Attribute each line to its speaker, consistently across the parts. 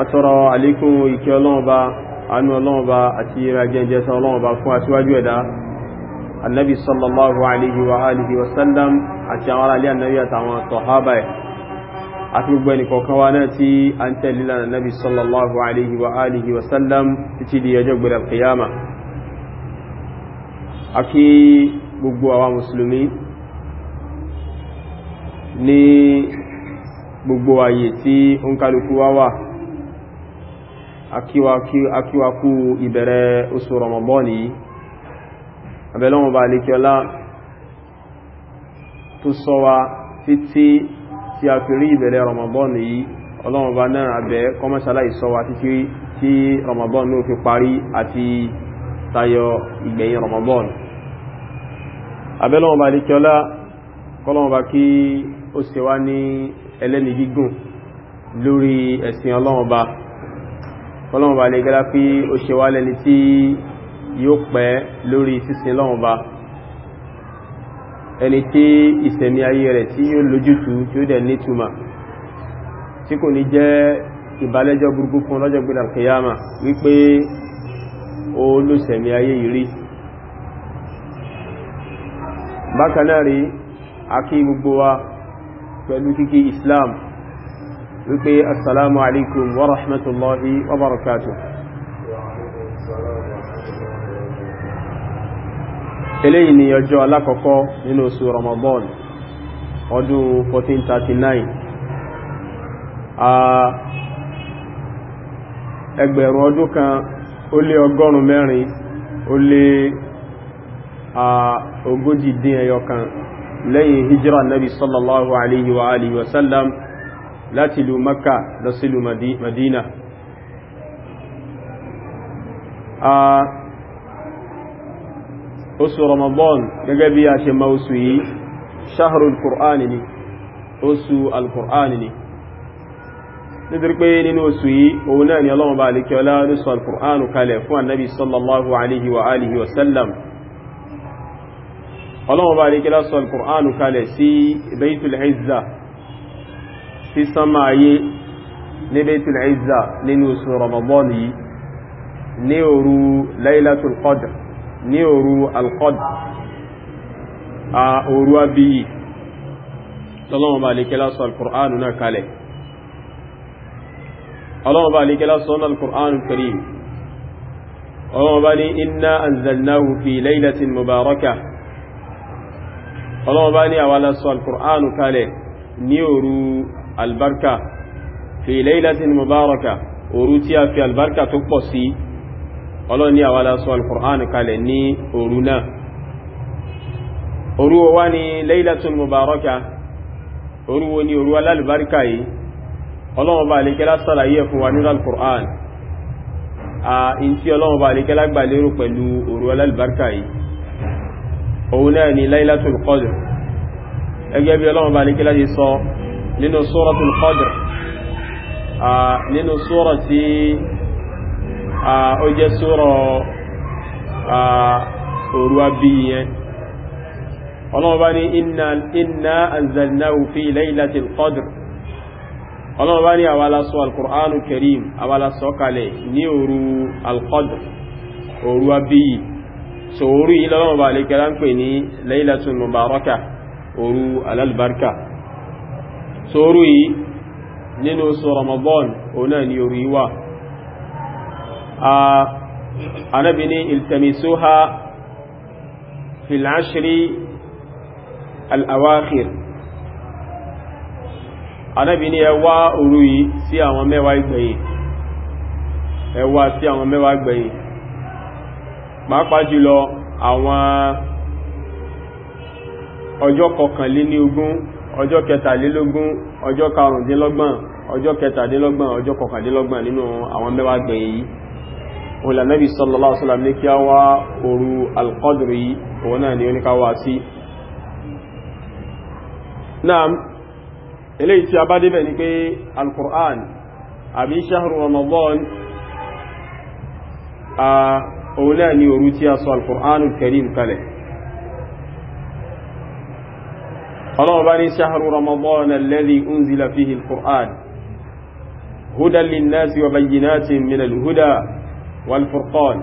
Speaker 1: atọ́rọ àlékún ìkẹ́ ọlọ́ọ̀ba anú ọlọ́ọ̀ba àti ìragẹ́jẹsọ ọlọ́ọ̀ba fún aṣíwájú ẹ̀dá annabi sallallahu alaihi wa alihi wa sallam àti àwọn ará ilé annabi àtàwọn sọ̀hábà ẹ̀ àti gbogbo ẹni kọ̀ọ̀kan wa náà tí a ń tẹ̀lé lánàá annabi sallallahu alaihi wa alihi wa sallam títí di ọjọ́ gbẹ̀rẹ̀ kìyàmà a gbogbo àwa mùsùlùmí ní gbogbo àyè tí ó ń kálukú wá wà akíwakú ìbẹ̀rẹ̀ oṣù rọmọbọ́ọ̀lì abẹ́lọ́wọ̀n bá alékiọlá tó sọ wa títí tí a fi rí ìbẹ̀rẹ̀ rọmọbọ́ọ̀lì yìí ọlọ́wọ̀n bá náà abẹ́ kọmọ́sálà ìsọ wa títí tí rọmọbọ́ọ̀lì ó fi parí àti tayọ ìgbẹ̀yìn rọmọbọ́ọ̀lì abẹ́lọ́wọ̀n bá alékiọlá kọ́lọ́wọ́n bá lè gẹ́lá pí ó ṣe wá lẹ́ni tí yóò pẹ́ lórí sísin lọ́wọ́n bá ẹni tí ìsẹ̀mí ayé rẹ̀ tí yóò lójútù tí ó dẹ̀ nítumà tí kò ní jẹ́ ìbálẹ́jọ́ burúkú fún lọ́jọ́ gbẹ̀dà kìyàmà wípé ó lóṣẹ̀mí ayé yìí rí bákanáà rí a gbogbo wa pẹ̀lú kíkí Islam wípé assalamu alaikum wa rahmatullahi wa barakatuh eléyìí ni ọjọ́ alákọ̀ọ́kọ́ nínú oṣù Ramadan ọdún 1439 a ẹgbẹ̀rún ọdún kan ó lé ọgọ́rùn mẹ́rin ó lé a ogójì dín ẹyọ kan lẹ́yìn hijira nabi sallallahu alaihi wa alihi wasallam láti ìlú Makka lọ sí ìlú Madina oṣù Ramadan gẹ́gẹ́ bí a ṣe ma oṣù yìí shahrul Qur'ani ni oṣù al-Qur'ani ni nítorí pé nínú oṣù yìí òun náà ni Ọlọ́run bá alìkẹ́ ọlá ló sọ al-Qur'anu kalẹ̀ fún annabi sallallahu alaihi wa alihi wa sallam Ọlọ́run bá alìkẹ́ lásọ al-Qur'anu kalẹ̀ sí Baitul sí sánmà ayé ní Baitul Izza nínú oṣù Ramadan yìí ní òru Lailatul Qadr ní òru Al-Qadr a òru abiyi lọ́lọ́wọ́n bá lè kẹ́lá sọ Al-Qur'anu náà kalẹ̀ ọlọ́wọ́n bá lè kẹ́lá sọ Al-Qur'anu ọlọ́wọ́n bá ní inna anzalnahu fi laylatin mubarakah ọlọ́wọ́n bá ní àwàlá sọ al kalẹ̀ ní òru albarka fi laylatin mubaraka òru tí a fi albarka tó pọ̀ sí ọlọ́run ní àwa la sọ alkùránì kalẹ̀ ní òru náà òru wa ni laylatin mubaraka òru wo ni òru alálùbáríkà yìí ọlọ́run bá alékẹ́lá sàlàyé fún wa nínú alkùránì a in tí ọlọ́run bá alékẹ́lá gbà lérò pẹ̀lú òru alálùbáríkà yìí òun náà ni laylatul qadr ẹgbẹ́ bí ọlọ́run bá alékẹ́lá ti sọ nínú suratul Qadr nínú sura tí ó jẹ́ sura òru abí yẹn ọlọ́wọ́ bá ní inna anzalnahu fi laylatil qadr ọlọ́wọ́ bá ní àwàlásọ al-Qur'anu karim àwàlásọ kalẹ̀ ní òru al-qadr òru abí so òru yìí lọ́wọ́ bá lè kẹ́lá ń pè ní laylatul mubarakah òru alalbarka sóòrù yìí nínú oṣù Ramadan òun náà ni òru yìí wà anábi ní iltamisuha fil ashri al-awakhir anábi ní ẹ wá òru yìí sí àwọn mẹ́wàá ìgbẹ̀yìn ẹ wá sí àwọn mẹ́wàá ìgbẹ̀yìn pàápàá àwọn ọjọ́ kọkànlélógún ọjọ́ kẹtàlélógún ọjọ́ karùndínlọ́gbọ̀n ọjọ́ kẹtàdínlọ́gbọ̀n ọjọ́ kọkàndínlọ́gbọ̀n nínú àwọn mẹ́wàá gbẹ̀yìn yìí òun lànàbí sallallahu alaihi wasallam ní kí a wá òru alqadri yìí òun náà ni ó ní ká wá sí náà eléyìí tí a bá débẹ̀ ni pé alqur'an àbí shahru ramadan òun náà ọlọ́wọ́ bá ní ṣáhàrù ramadan alladhi unzila fihi al-qur'an hudan lin-nasi wa bayyinatin min al-huda wal-furqan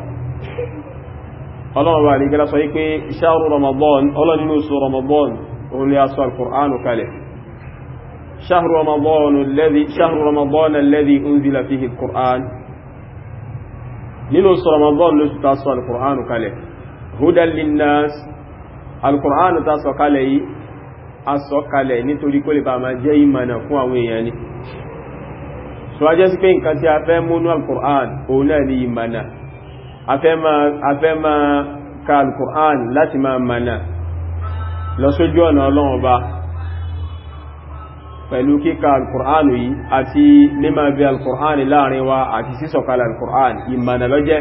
Speaker 1: ọlọ́wọ́ bá ní gẹ́lá sọ wípé ṣáhàrù ramadan ọlọ́nínú sọ ramadan òun lè aṣọ al-qur'an kalẹ̀ ṣáhàrù ramadan alladhi unzila fihi al ta aṣọ al-qur'an asọ́kalẹ̀ nítorí kó lè bá máa jẹ́ ìmọ̀nà fún àwọn èèyàn ni so a jẹ́ sí pé nǹkan tí a fẹ́ múnú al-Qur'an òun náà ni ìmọ̀nà a fẹ́ máa ka al láti máa mọ̀nà lọ ọ̀nà Ọlọ́run pẹ̀lú kíka al yìí àti mímọ̀ bí al láàrin wa àti sísọ̀kalẹ̀ al ìmọ̀nà ló jẹ́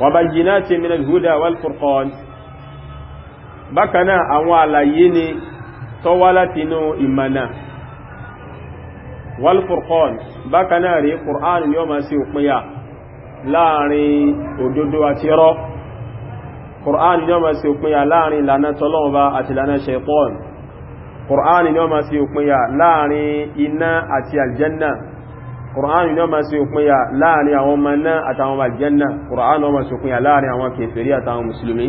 Speaker 1: wa bayyinatin bákanáà àwọn àlàyé ni tó wá láti inú ìmànà walfurqan bákanáà rí Qur'an yóò máa ṣe òpinya láàrin òdodo àti irọ́ Qur'an yóò máa ṣe òpinya láàrin ìlànà tọ́lọ́ọ̀bá àti ìlànà shaitan Qur'an yóò máa ṣe òpinya láàrin iná àti aljanna Qur'an yóò máa ṣe òpinya láàrin àwọn ọmọ àtàwọn aljanna Qur'an yóò máa ṣe òpinya láàrin àwọn kèfèrí àtàwọn musulmi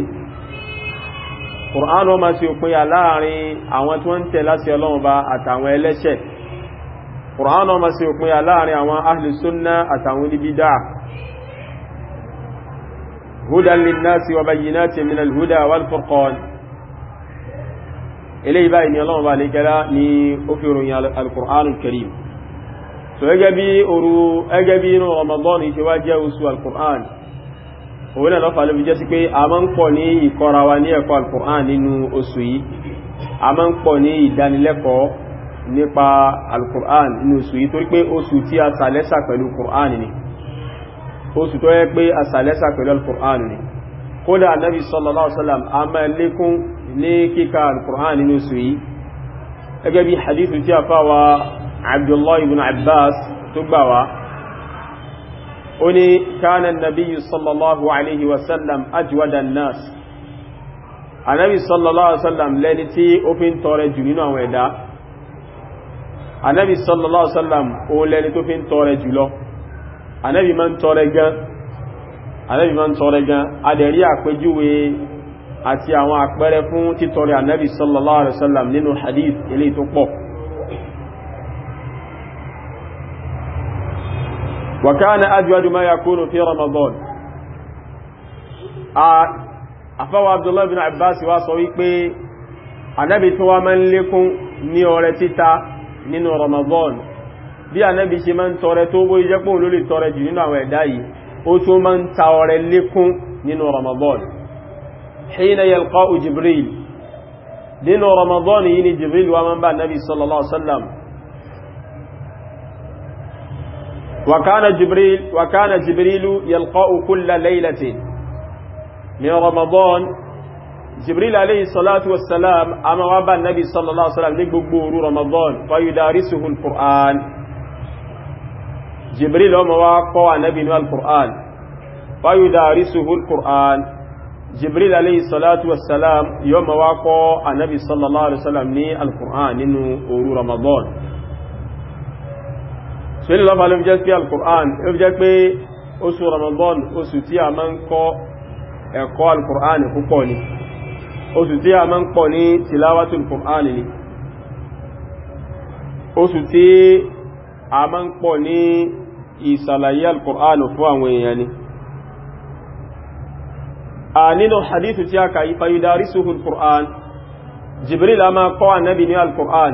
Speaker 1: Kùránù ma ṣe òpinya láàrin àwọn tí wọ́n ń tẹ̀ láti Ọlọ́run bá àtàwọn ẹlẹ́ṣẹ̀ Kùránù ma ṣe òpinya láàrin àwọn ahlu sunna àtàwọn oníbídà hudan linnasi wa bayyinatin min al-huda wal furqan eléyìí báyìí ni bá lè òun náà lọ́fà ló fi jẹ́ sí pé a máa ń pọ̀ ní ìkọ́ra wa ní ẹ̀kọ́ alkùnrán nínú oṣù yìí a máa ń pọ̀ ní ìdánilẹ́kọ̀ọ́ nípa alkùnrán nínú oṣù yìí torí pé oṣù tí a sàlẹ́sà pẹ̀lú kùnrán ni oṣù tó yẹ pé a sàlẹ́sà pẹ̀lú alkùnrán ni kódà anábì sallallahu ó ní kánà nàbí sallallahu alaihi wasallam ajwadan nas anabi sallallahu alaihi wasallam lẹni tí ó fi ń tọrẹ jù nínú àwọn ẹ̀dá anabi sallallahu alaihi wasallam ó lẹni tó fi ń tọrẹ jù lọ anabi ma ń tọrẹ gan anabi ma ń tọrẹ gan adẹ̀rí àpéjúwe àti àwọn àpẹẹrẹ fún títọrẹ anabi sallallahu alaihi wasallam nínú hadith eléyìí tó pọ̀ وكان أجود ما يكون في رمضان أفوى عبد الله بن عباس وصويقه Ànábì tó wá máa ń lékún ní ọrẹ títa nínú Ramadan bí Ànábì ṣe máa ń tọrẹ tó bó jẹ́ pé olóòlì tọrẹ jù nínú àwọn ẹ̀dá yìí ó tún ta ọrẹ lékún nínú Ramadan hina yalqa'u Jibril nínú Ramadan yìí Jibril wá máa ń bá sallallahu alaihi wasallam وكان جبريل وكان جبريل يلقاء كل ليلة من رمضان جبريل عليه الصلاة والسلام أما وابا النبي صلى الله عليه وسلم لقبور رمضان فيدارسه القرآن جبريل أما وقوى نبي القرآن فيدارسه القرآن جبريل عليه الصلاة والسلام يوم وقوى النبي صلى الله عليه وسلم القرآن إنه رمضان sílẹ̀ lọ́fà ló fi jẹ́ sí alkùrán ló fi jẹ́ pé oṣù ramadan oṣù tí a máa ń kọ́ ẹ̀kọ́ alkùrán púpọ̀ ni oṣù tí a máa ń pọ̀ ní tilawatul kùrán ni oṣù tí a máa ń pọ̀ ní ìsàlàyé alkùrán fún àwọn èèyàn ni a nínú hadithu tí a kàyí fayudarisuhu alkùrán jibril a máa kọ́ annabi ní alkùrán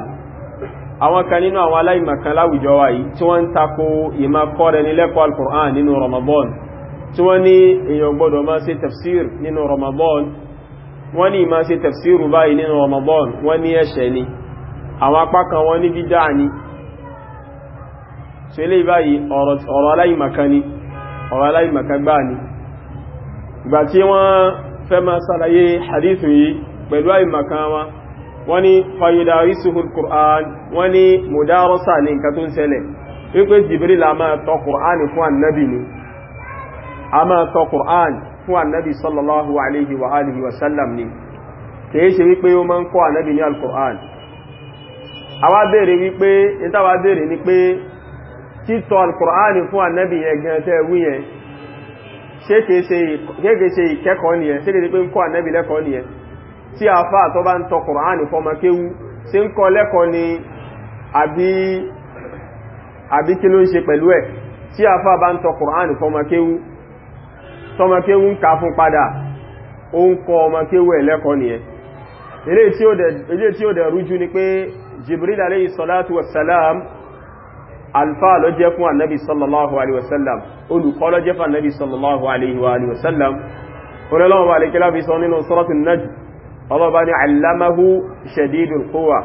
Speaker 1: àwọn kan nínú àwọn aláìmọ̀kan láwùjọ wa yìí tí wọ́n ń tako ìmá kọ́rẹ̀ ní lẹ́kọ̀ọ́ al-Qur'an nínú Ramadan tí wọ́n ní èyàn gbọ́dọ̀ máa ṣe tafsir nínú Ramadan wọ́n ní ìmá ṣe tafsir báyìí nínú Ramadan wọ́n ní ẹ̀ṣẹ̀ ni àwọn apá kan wọ́n ní bídá ni tí báyìí ọ̀rọ̀ aláìmọ̀kan wọ́n ní fayudarisuhul Qur'an wọ́n ní mudarasa ní nǹkan tó ń ṣẹlẹ̀ wípé Jibril a máa tọ́ Qur'an fún annabi ni a máa tọ́ Qur'an fún annabi sallallahu alaihi wa alihi wa sallam ni kìí ṣe wípé ó máa ń kọ́ annabi ní al a wá béèrè wípé ìtawà béèrè ni pé títọ́ al fún annabi yẹn gan tẹ́ wí yẹn ṣé kìí ṣe ìkẹ́kọ̀ọ́ nìyẹn ṣé kìí ṣe pé ń kọ́ annabi lẹ́kọ̀ọ́ nìyẹn tí a fà tó bá ń tọ kùránì fọmọkéwú ṣe ń kọ lẹ́kọ̀ọ́ ni àbí kí ló ń ṣe pẹ̀lú ẹ̀ tí a fà bá ń tọ kùránì fọmọkéwú tọmọkéwú ń ka fún padà ó ń kọ ọmọkéwú ẹ̀ lẹ́kọ̀ọ́ nìyẹn ilé tí ó dẹ̀ rújú ni pé jibril alayhi salatu wassalam alfa ló jẹ́ fún sallallahu alaihi wasallam olùkọ́ ló jẹ́ fún annabi sallallahu alaihi wasallam olólọ́wọ́ alẹ́kẹ́lá fi sọ nínú suratul najm ọlọ́ba ni alamahu shadidul quwa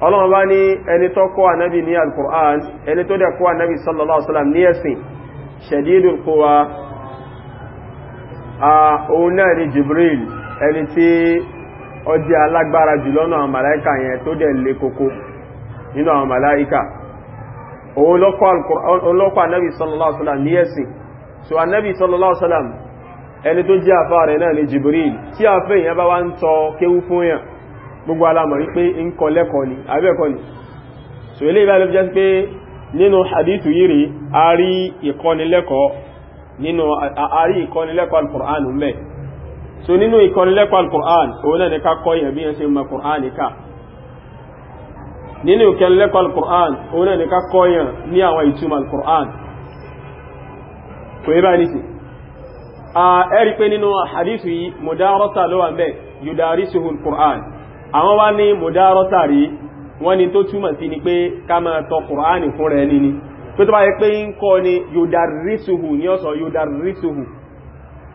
Speaker 1: ọlọ́ba ni ẹni tó kọ́ ànábì ní alkur'an ẹni tó dẹ̀ kọ́ ànábì sallallahu alaihi wasallam ní ẹ̀sìn shadidul quwa a òun náà ni jibril ẹni tí ó jẹ́ alágbára jùlọ nínú àwọn màláíkà yẹn tó dẹ̀ le koko ẹni tó jẹ́ àfá rẹ̀ náà ni Jibril tí a fẹ́ ìyẹn bá wá ń tọ kéwú fún yàn gbogbo alamọ̀ wípé ń kọ lẹ́kọ̀ọ́ ni abẹ́ẹ̀kọ́ ni so ilé ìbálẹ̀ jẹ́ pé nínú hadithu yìí rí a rí ìkọ́nilẹ́kọ̀ọ́ nínú a rí ìkọ́nilẹ́kọ̀ọ́ al-Qur'an mẹ́ so quran òun náà ni ká kọ́ yẹn Qur'an ká nínú ìkọ́nilẹ́kọ̀ọ́ al-Qur'an òun náà ni ká kọ́ yẹn quran kò ẹ̀rí pé nínú hadithu yìí mudarata ló wà mẹ́ yudarisuhu al-Qur'an àwọn wá ní mudarata rí wọ́n ní tó túmọ̀ sí ni pé ká máa tọ Qur'an fún rẹ̀ níní tó tó bá yẹ pé ń kọ́ ni yudarisuhu ní ọ̀sọ̀ yudarisuhu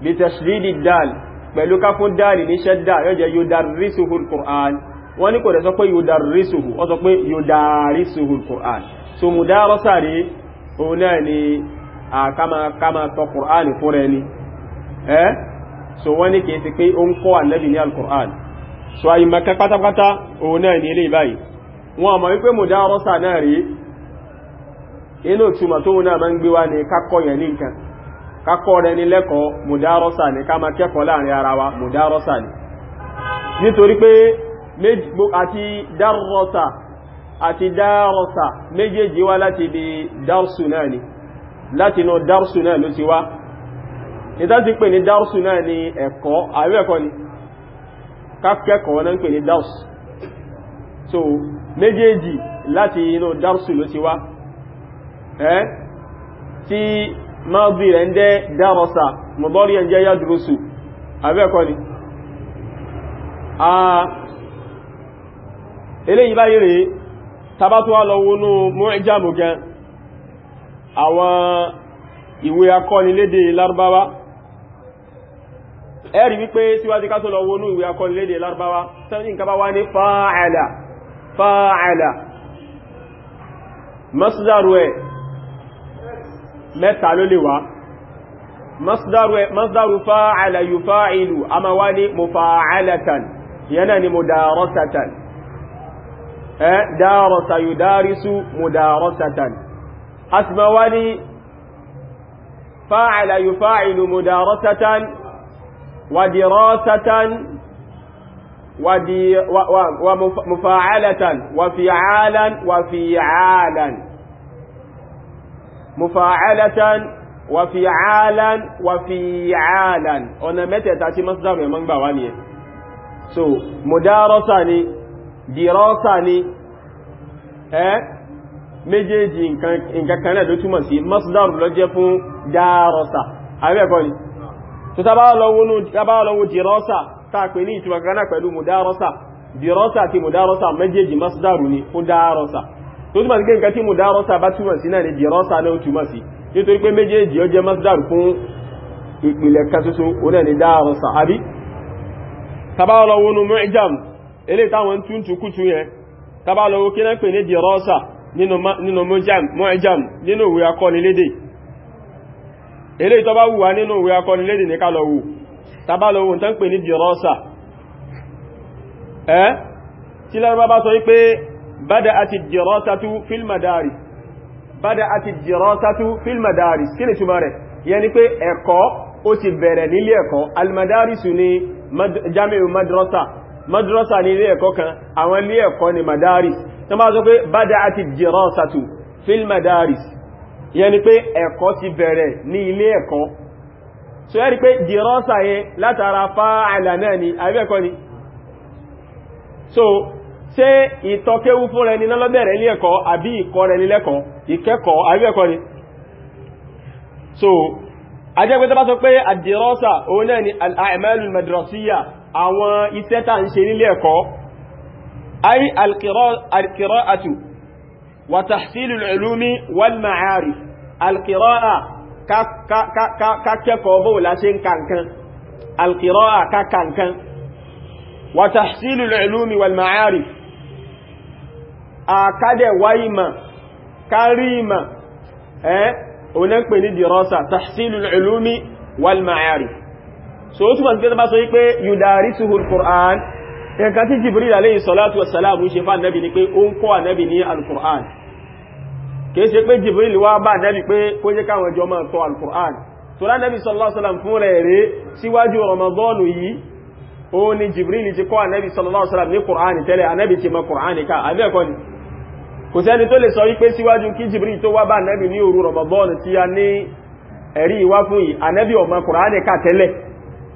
Speaker 1: li tashdidi dal pẹ̀lú ká fún dáàlì ní ṣẹ́dá yóò jẹ́ yudarisuhu al-Qur'an wọ́n ní kò rẹ̀ sọ pé yudarisuhu ó sọ pé yudarisuhu al-Qur'an so mudarasa rí òun náà ni àkàmàkàmà tọ Qur'an fún rẹ̀ ni ẹ́ eh? so wọ́n ní kìí ti pé ó ń kọ́ ànábì ní al-Qur'an so àyí maka pátápátá òun náà ní ilé ìbáyìí wọn àmọ́ wípé mudarasa náà rí inú túmọ̀ tó wọn náà máa ń gbé wá ní kákọ́ yẹn ní nǹkan kákọ́ rẹ ní lẹ́kọ̀ọ́ mudarasa ní ká máa kẹ́kọ̀ọ́ láàrin ara wa mudarasa ní nítorí pé àti dárọ́sà àti dárọ́sà méjèèjì wá láti ibi dárṣù náà ni láti inú dárṣù náà ló ti wá ìtàtí pè ní dáúsù náà ni ẹ̀kọ́ àríwẹ̀kọ́ ni kákẹ́kọ̀ọ́ náà ń pè ní dáúsù so méjèèjì láti inú dáúsù ló ti wá ẹ́ tí máàbí rẹ̀ ń jẹ́ dárọsà mọ̀bọ́rí ẹ̀ ń jẹ́ yádúrósù àríwẹ̀kọ́ ni eléyìí báyìí rèé tabatuwa lọ wọnú mu'jamu gan àwọn ìwé akọ́nilédè ẹ̀rí wípé síwájú ká tó lọ wọnú ìwé akọnilédè lárúbáwá tẹ́lẹ̀ nǹkan bá wá ní fa'ala fa'ala masdaru ẹ̀ mẹ́ta ló lè wá masdaru fa'ala yufa'ilu a ma wá ní mufa'alatan yana ni mudarasatan eh darasa yudarisu mudarasatan asma wá ní fa'ala yufa'ilu mudarasatan ودراسة ودي ومفاعلة وفعالا وفعالا مفاعلة وفعالا وفعالا ọ̀nà mẹ́tẹ̀ẹ̀ta tí masdar yẹn máa ń gbà wá nìyẹn so mudarasa ni dirasa ni eh méjèèjì nǹkan kan náà ló túmọ̀ sí masdar ló jẹ́ fún darasa àbẹ́ẹ̀kọ́ ni tó tábà lọ́wọ́ dìrọ́sà tàpé ní ìtumọ̀ kanáà pẹ̀lú mùdárọ́sà dìrọ́sà àti mùdárọ́sà méjèèjì masdaru ni fún dárọ́sà tó túnmọ̀ sí pé nǹkan tí mùdárọ́sà bá túnmọ̀ sí náà ni na náà túnmọ̀ sí nítorí pé méjèèjì ó jẹ́ masdaru fún ìpìlẹ̀ kan ṣoṣo onáà ni dárọ́sà àbí eléyìí tó bá wù wá nínú ìwé akọnilédè ní ká lọ wò tàbá lọ wò tán pè ní dìrọ́sà ẹ́ tí lárúbá bá sọ wípé bada àti dìrọ́sàtú fílmàdárì bada àti dìrọ́sàtú fílmàdárì kí ni túnmà rẹ̀ yẹn ni pé ẹ̀kọ́ ó ti bẹ̀rẹ̀ nílé ẹ̀kọ́ ni jami'u madrasa madrasa ni ilé ẹ̀kọ́ kan àwọn ilé ẹ̀kọ́ ni madaris ìyẹn ni pé ẹ̀kọ́ ti bẹ̀rẹ̀ ní ilé ẹ̀kọ́ so ẹ́ rí pé dìrọ́sà yẹn látara fáàlà náà ni àbẹ́ẹ̀kọ́ ni so ṣé ìtọ́kéwú fún rẹ níná lọ́bẹ̀rẹ̀ ilé ẹ̀kọ́ àbí ìkọ́ rẹ nílẹ́kọ́ ìkẹ́kọ̀ọ́ so ajẹ́ pé tọ́bá sọ ni al-a'malul madrasiyya àwọn iṣẹ́ tá ń ṣe وتحصيل العلوم والمعارف القراءة ككككككككو لاسين كانكن القراءة ككانكن وتحصيل العلوم والمعارف أكاد وايما كريما eh onan pe ni dirasa tahsilul ulumi wal ma'arif so o túnmọ̀ sí pé so wípé yudarisuhul qur'an ẹ̀kan tí jibril alayhi salatu wassalam ṣe fa annabi ni pé ó ń kọ́ annabi ní al-qur'an kìí ṣe pé Jibril wá bá nẹ́bí pé kó jẹ́ káwọn ẹjọ́ máa tọ́ al-Qur'an tó lá nẹ́bí sallallahu alaihi wasallam fún rẹ̀ rẹ̀ síwájú Ramadan yìí ó ní Jibril ti kọ́ anẹ́bí sallallahu alaihi wasallam ní Qur'an tẹ́lẹ̀ anẹ́bí ti mọ Qur'an ká abẹ́ẹ̀kọ́ ni kò sẹ́ni tó lè sọ wípé síwájú kí Jibril tó wá bá anẹ́bí ní òru Ramadan tí a ní ẹ̀rí tẹ́lẹ̀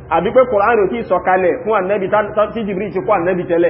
Speaker 1: anẹ́bí ti kọ́ anẹ́bí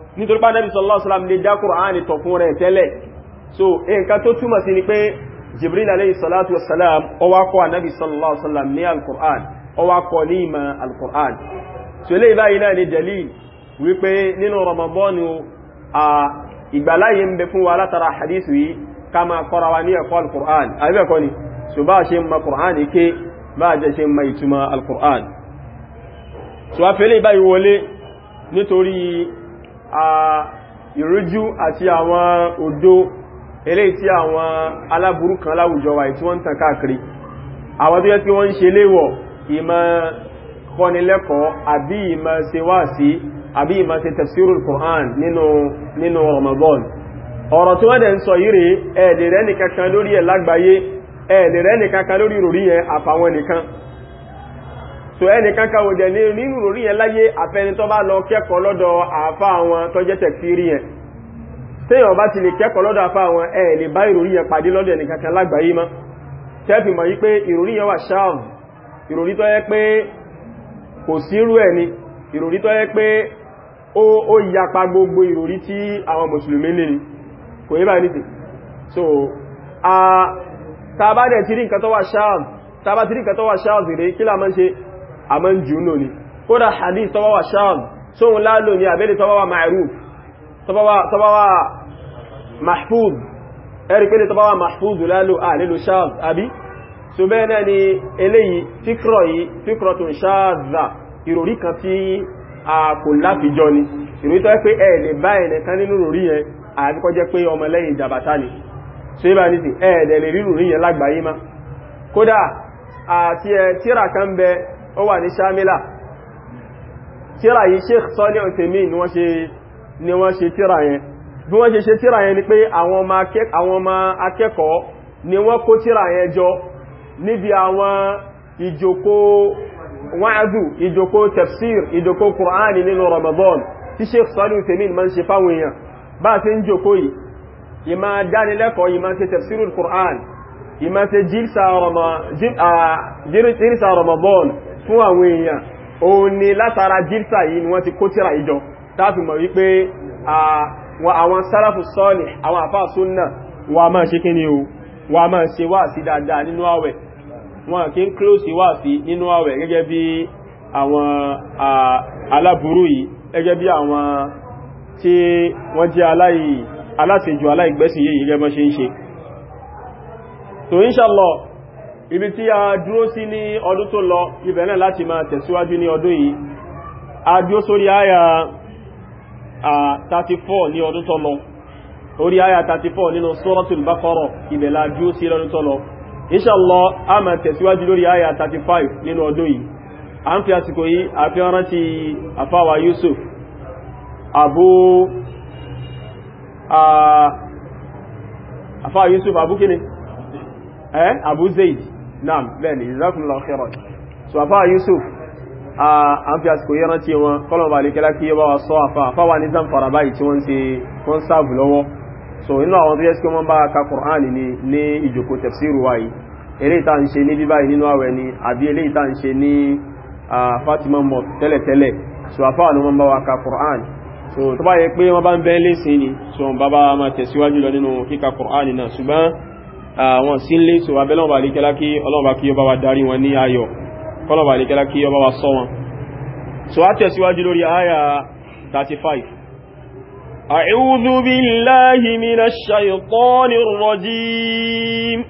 Speaker 1: nítorí pé Ànábì sallallahu alaihi wasallam lè dá Kùránì tọ̀ rẹ̀ tẹ́lẹ̀ so nǹkan tó túmọ̀ sí ni pé Jibril alayhi salatu wassalam ó wá kọ́ Ànábì sallallahu alaihi wasallam ní al-Qur'an ó wá kọ́ ní ìmọ̀ al-Qur'an so eléyìí báyìí náà ni dalil wípé nínú Ramadan a ìgbàláyé ń bẹ fún wa látara hadithu yìí ká máa kọ́ra wa nítorí ìrújú àti àwọn òdó eléyìí tí àwọn aláburú kan láwùjọ wa tí wọ́n ń tàn káàkiri àwọn tó yẹ́ tí wọ́n ń ṣe léwọ̀ ìmọ̀ kọ́nilẹ́kọ̀ọ́ àbí ìmọ̀ ṣe wáàsí àbí ìmọ̀ ṣe tafsirul Qur'an nínú nínú Ramadan ọ̀rọ̀ tí so ẹnìkan kan ò dẹ̀ lè nínú lórí yẹn láyé àfẹni tó bá lọ kẹ́kọ̀ọ́ lọ́dọ̀ àfa àwọn tó jẹ́ tẹ̀sírí yẹn téèyàn bá ti lè kẹ́kọ̀ọ́ lọ́dọ̀ àfa àwọn ẹ̀ lè bá ìròrí yẹn pàdé lọ́dọ̀ ẹnìkan kan lágbàáyé mọ́ tẹ́fì mọ̀ yí pé ìròrí yẹn wà ṣáàmù ìròrí tó yẹ pé kò a tàbá dẹ̀ tí rí nǹkan tó wà ṣáàmù tàbá tí rí kí là máa ń ṣe a máa ń jù ú lónìí kódà hadith tọ́wọ́ wà sham sóhun lálò ní àbẹ́lẹ̀ tọ́wọ́ wà ma'ruf tọ́wọ́ wà mahfuz ẹ̀rí pé tọ́wọ́ wà mahfuz lálò àlélò sham àbí so bẹ́ẹ̀ náà ni eléyìí fíkrọ̀ yìí fíkrọ̀ tó ń ṣáàzà ìròrí kan tí a kò láfijọ́ ni ìròrí tó yẹ pé ẹ̀ lè bá ẹ̀nẹ̀kan nínú ròrí yẹn àbíkọ́ jẹ́ pé ọmọ lẹ́yìn ìjàbátá ni so ibà ní sí ẹ̀ẹ̀dẹ̀ lè rí ròrí yẹn lágbàáyé má kódà àti ẹ̀ tíra kan bẹ ó wà ní shamila tíra yìí Sheikh Salih Uthaymin ni wọ́n ṣe ni wọ́n ṣe tíra yẹn bí wọ́n ṣe ṣe tíra yẹn ni pé àwọn ọmọ akẹ́kọ̀ọ́ ni wọ́n kó tíra yẹn jọ níbi àwọn ìjókòó wa'azu ìjókòó tafsir ìjókòó Qur'ani nínú Ramadan tí Sheikh Salih Uthaymin máa ń ṣe fáwọn èèyàn bá ti ń jókòó yìí ìmá dánilẹ́kọ̀ọ́ ìmá ṣe tafsirul Qur'an ìmá ṣe Ramadan fún àwọn èèyàn òun ni látara jírísà yìí ni wọ́n ti kó tíra ìjọ táàfì mọ̀ wípé àwọn sáràfù sọ́ọ̀lì àwọn àfáà súnnà wà máa ṣe ni o wà máa ṣe wà sí dáadáa nínú àwẹ̀ wọn kí ń kílòsì wà sí nínú àwẹ̀ gẹ́gẹ́ bí àwọn aláburú yìí gẹ́gẹ́ bí àwọn tí wọ́n jẹ́ aláṣejù yìí gẹ́gẹ́ mọ́ ṣe ń ṣe so inshallah ibi tí a dúró sí ní ọdún tó lọ ibẹ̀ náà láti máa tẹ̀síwájú ní ọdún yìí a dúró sórí àyà 34 ní ọdún tó lọ orí àyà 34 nínú Suratul Baqara ibẹ̀ la dúró sí lọ́dún tó lọ inshallah a máa tẹ̀síwájú lórí àyà 35 nínú ọdún yìí a ń fi àsìkò yìí a fi rántí àfáwà Yusuf abu àfáwà Yusuf abu kíni eh abu Zaid naam bẹ́ẹ̀ni jazakumullahu khairan so afá yusuf a fi àsìkò yẹran tí wọn kọlọ̀bà alékẹ́lá kí yẹ bá wa sọ afá afá wa ní zamfara báyìí tí wọ́n ṣe wọ́n sáàbù lọ́wọ́ so inú àwọn tó yẹ sí wọ́n bá ka Qur'an ni ní ìjòkó tafsiru wa yìí eléyìí tá ń ṣe ní bíbáyìí nínú àwẹ̀ ni àbí eléyìí tá ń ṣe ní Fatima mọ tẹ́lẹ̀tẹ́lẹ̀ so afá ni wọ́n bá wa ka Qur'an so tó bá yẹ pé wọ́n bá ń bẹ́ẹ̀ lé sí ni so bàbá máa tẹ̀síwájú lọ nínú kíka Qur'an náà ṣùgbọ́n àwọn ah, sí ń lé so abẹ́lọ́wà àríkẹ́lá kí ọlọ́wà kí ọba wa darí wọn ní ayọ̀ kọlọ̀wà àríkẹ́lá kí ọba wa sọ wọn so a tẹ̀síwájú lórí àyà 35 a'udhu billahi minash shaytanir rajim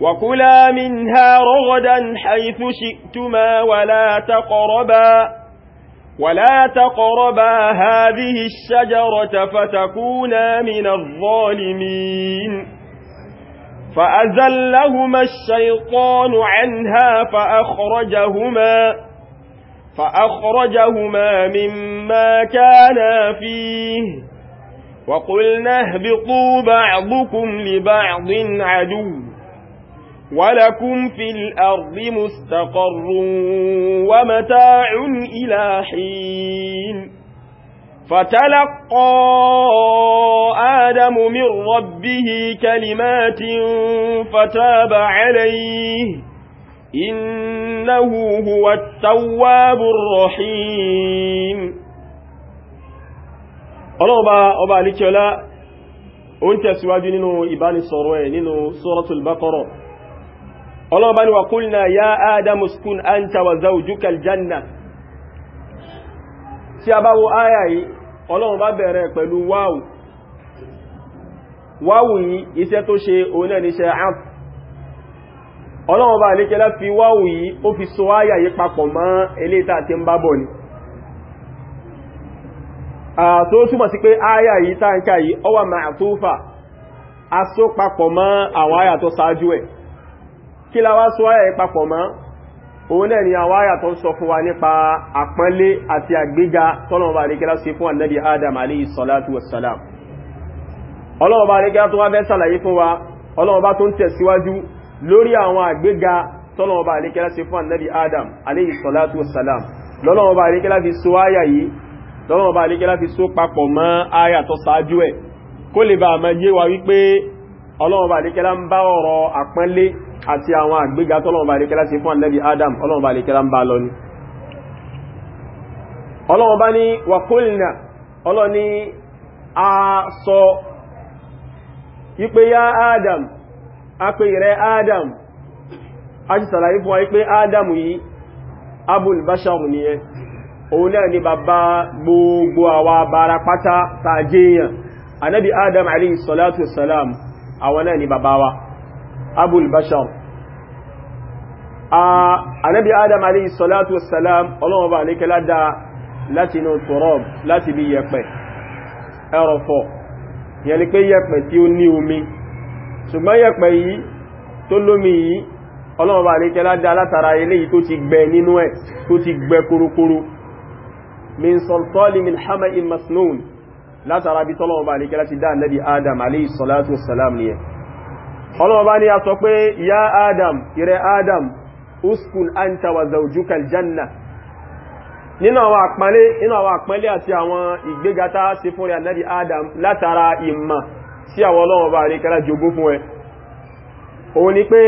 Speaker 1: وكلا منها رغدا حيث شئتما ولا تقربا ولا تقربا هذه الشجرة فتكونا من الظالمين فأزلهما الشيطان عنها فأخرجهما فأخرجهما مما كانا فيه وقلنا اهبطوا بعضكم لبعض عدو ولكم في الأرض مستقر ومتاع إلى حين فتلقى آدم من ربه كلمات فتاب عليه إنه هو التواب الرحيم ọlọ́ọ̀bá أبا alikiola لا أنت tẹ̀síwájú نينو إباني ẹ̀ نينو سورة البقرة ọlọ́ọ̀bá ni wà kúlnà ya adam uskun anta wa zawjuka aljanna tí a bá wo áyà yìí ọlọ́run bá bẹ̀rẹ̀ pẹ̀lú wáwù wáwù yìí iṣẹ́ tó ṣe òun náà níṣẹ́ app ọlọ́run bá alékẹ́lá fi wáwù yìí ó fi so áyà yìí papọ̀ mọ́ eléta àti ń bábọ̀ ni tó túmọ̀ sí pé áyà yìí táǹkà yìí ọwà ma'atufa a so papọ̀ mọ́ àwọn áyà tó ṣáájú ẹ̀ kí la wá sọ ayẹ̀ papọ̀ mọ́ òun náà ni àwọn ayà tó ń sọ fún wa nípa àpọ́nlé àti àgbéga tọ́lọ̀ọ̀bà àríkẹ́lá adam alayhi salatu wassalam ọlọ́ọ̀bà àríkẹ́lá tó wá bẹ́ sàlàyé wa ọlọ́ọ̀bà tó ń tẹ̀síwájú lórí àwọn àgbéga tọ́lọ̀ọ̀bà àríkẹ́lá sí fún adam alayhi salatu wassalam lọ́lọ́ọ̀bà àríkẹ́lá fi so ayà yìí lọ́lọ́ọ̀bà àríkẹ́lá fi so papọ̀ mọ́ ayà tó ṣáájú ẹ̀ kó lè bá yé wa wípé ọlọ́ọ̀bà àríkẹ́lá ń bá ọ̀rọ̀ àpọ́nlé àti àwọn àgbéga tọ́lọ́wọ́n Adam ọlọ́wọ́n bá lékẹ́lá ń bá lọ ní ọlọ́wọ́n ya Adam Adam a ti abul bashar ni ẹ òun náà ni bàbá gbogbo àwa bára pátá tàjíyàn ànábì Adam aliyu salatu salam àwọn náà ni bàbá wa abul bashar anabi adam alayhi salatu wassalam ọlọ́wọ́n bá alékẹ́ ládá láti inú tọrọm láti bí yẹpẹ̀ ẹrọ̀fọ̀ yẹni pé yẹpẹ̀ tí ó ní omi ṣùgbọ́n yẹpẹ̀ yìí tó lómi yìí ọlọ́wọ́n bá alékẹ́ ládá látara eléyìí tó ti gbẹ nínú ẹ̀ bá ní a sọ pé ya adam ire adam uskun anta wa zawjuka aljanna nínú àwọn àpọ́nlé nínú àwọn àpọ́nlé àti àwọn ìgbéga tá ṣe fún rẹ̀ ànábì adam látara ìmọ̀ sí àwọn ọlọ́run bá rí kẹ́lá jogún fún ẹ òun ni pé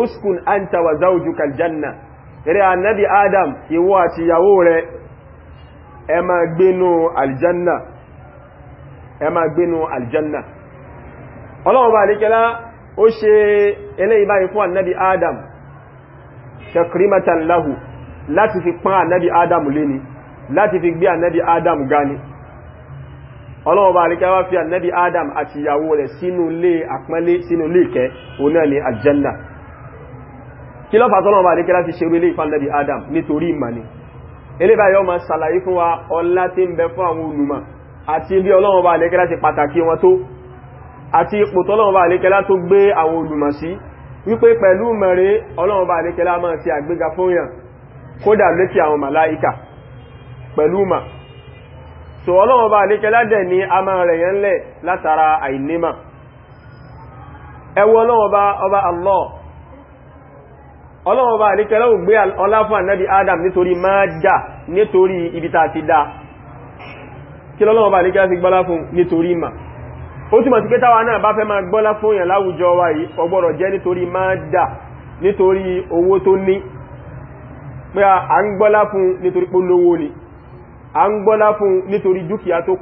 Speaker 1: uskun anta wa zawjuka aljanna rẹ̀ ànábì adam ìwọ àti ìyàwó rẹ̀ ẹ máa gbénú aljanna ẹ máa gbénú aljanna ọlọ́run bá rí kẹ́lá ó ṣe eléyìí báyìí fún ànábì adam takrimatan lahu láti fi pán ànábì adam lé ni láti fi gbé ànábì adam ga ni ọlọ́wọ́ bá àríkà wá fi ànábì adam àti ìyàwó rẹ̀ sínú ilé àpọ́nlé sínú ilé ìkẹ́ òun náà ni aljanna kí lọ́fà tọ́lọ́wọ́ bá láti ṣe adam nítorí ìmà ni ilé báyọ́ ma ṣàlàyé fún wa ọlá tí ń bẹ fún àwọn olùmọ̀ àti bí ọlọ́wọ́ bá àríkà láti wípé pẹ̀lú mere ọlọ́run bá adékẹ́lá máa ti àgbéga fún yàn kódà létí àwọn màláíkà pẹ̀lú mà so ọlọ́run bá adékẹ́lá dẹ̀ ní a máa rẹ̀ yẹn lẹ̀ látara àìnímà ẹwọ ọlọ́run bá ọba Allah ọlọ́run bá adékẹ́lá ò gbé Adam nítorí máa dà nítorí ibi ti dá kí lọ́lọ́run bá adékẹ́lá fi gbọ́lá fún ó túnmọ̀ sí kétàwà náà bá fẹ́ máa gbọ́lá fún èèyàn láwùjọ wa yìí ọgbọ́rọ̀ jẹ́ nítorí máa dà nítorí owó tó ní pé a ń gbọ́lá fún nítorí polówó ni a ń gbọ́lá fún nítorí dúkìá tó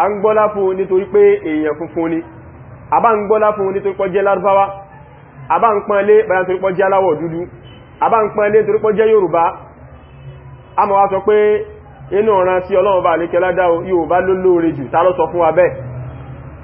Speaker 1: a ń gbọ́lá fún nítorí pé èèyàn funfun ni a bá ń gbọ́lá fún nítorí pọ́ lárúbáwá a bá ń pọ́nlé báyá torí pọ́ aláwọ̀ dúdú a bá ń pọ́nlé torí pọ́ yorùbá a mọ̀ wá sọ pé inú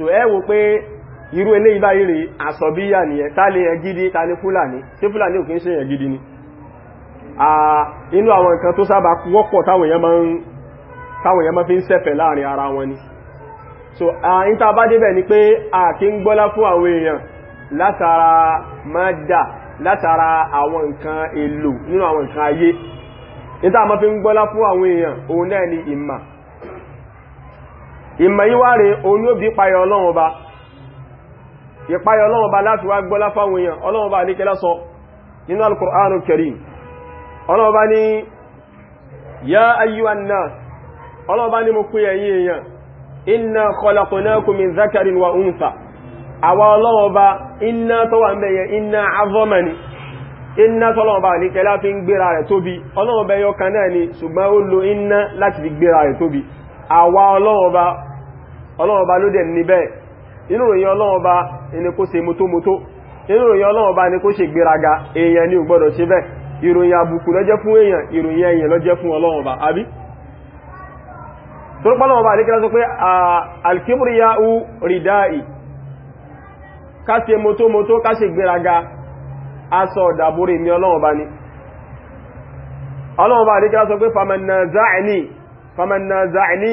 Speaker 1: so ẹ wò pé irú ilé ìbáyìí rèé àsọ̀bíyà nìyẹn ta lè yẹn gidi ta ní fúlàní tí fúlàní ò kí ń ṣe yẹn gidi ni inú àwọn nǹkan tó sábà wọ́pọ̀ táwọn èèyàn máa fi ń ṣẹ̀fẹ̀ láàrin ara wọn ni so àyín tá a bá débẹ̀ ni pé a kì ń gbọ́lá fún àwọn èèyàn látara mádà látara àwọn nǹkan èlò nínú àwọn nǹkan ayé ní tá a fi ń gbọ́lá fún àwọn èèyàn òun náà ni ìmà ìmọ̀ yíwá rẹ̀ òun yóò bí ọlọ́run ọba ìpayà ọlọ́run ọba láti wá gbọ́lá fáwọn èèyàn ọlọ́run ọba àníkẹ́lá sọ nínú al-Qur'anul ọlọ́run ọba ní ya ayyuhan náà ọba inna khalaqnakum bá ní kẹlá fi ń gbéra rẹ̀ tóbi ni ṣùgbọ́n ó lo iná láti fi gbéra rẹ̀ tóbi ọlọ́run ọba ló dẹ̀ ní bẹ́ẹ̀ inú ìròyìn ọlọ́run ọba ni kó ṣe mótómótó inú ìròyìn ọlọ́run ọba ni kó ṣe gbéraga èèyàn ni ò gbọ́dọ̀ ṣe bẹ́ẹ̀ ìròyìn àbùkù ló jẹ́ fún èèyàn ìròyìn ẹ̀yìn ló jẹ́ fún ọlọ́run ọba àbí tó pọ́lọ̀ ọba àdíkẹ́ lọ́sọ pé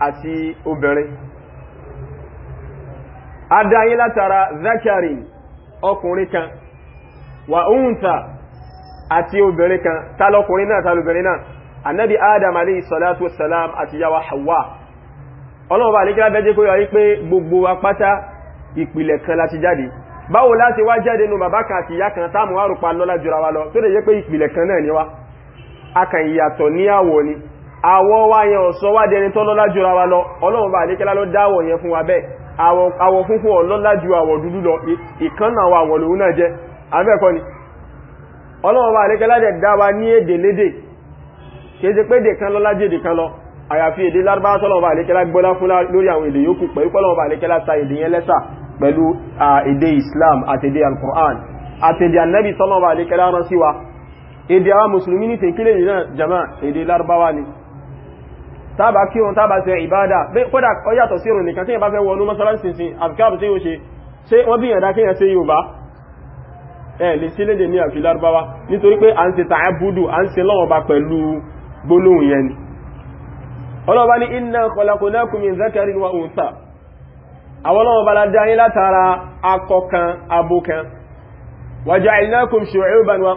Speaker 1: àti obìnrin adáyé látara zakari ọkùnrin kan wà oúnta àti obìnrin kan tálọkùnrin náà tálobìnrin náà annabi adam alayhi salatu wassalam àti yawa hawa ọlọ́ọ̀bá alikira bẹ́jẹ́ kó yọrí pé gbogbo apáta ìpìlẹ̀ kan láti jáde báwo láti wá jáde nù bàbá kan àti ìyá kan táàmù wárùpa lọ́lá jùra wa lọ tó lè jẹ́ pé ìpìlẹ̀ kan náà ni a akàn ìyàtọ̀ ní àwọ̀ ni àwọ̀ wa yẹn ọ̀sọ́ wá dẹni tó lọ́lá jùra wa lọ ọlọ́run bá àdékẹ́lá ló dáwọ̀ yẹn fún wa bẹ́ẹ̀ àwọ̀ funfun ọlọ́lá ju àwọ̀ dúdú lọ ìkànnà àwọ̀ àwọ̀ lòun náà jẹ́ abẹ́ẹ̀kọ́ ni ọlọ́run bá àdékẹ́lá dẹ̀ dá wa ní èdè lédè kìí ṣe pé èdè kan lọ́lá ju èdè kan lọ àyàfi èdè lárúbáwá tọ́lọ́run bá àdékẹ́lá sa èdè yẹn Islam àti èdè Al-Qur'an àti èdè Ànábì tọ́lọ́run bá àdékẹ́lá rán sí wa èdè àwọn mùsùlùmí ní tábà kírun tábà ṣe ìbádà kódà ó yàtọ̀ sí ìrùn nìkan tí yẹn bá fẹ́ wọnú mọ́sálásí sí àfikáàbù tí yóò ṣe ṣe wọ́n bí ìyàndá kíyàn sí Yorùbá ẹ̀ lè sí léde ní àfi lárúbáwá nítorí pé à ń ṣe tààbùdù à ń ṣe lọ́wọ́ba pẹ̀lú gbólóhùn yẹn la dá yín látara akọ kan abo kan wa ja'alnakum shu'uban wa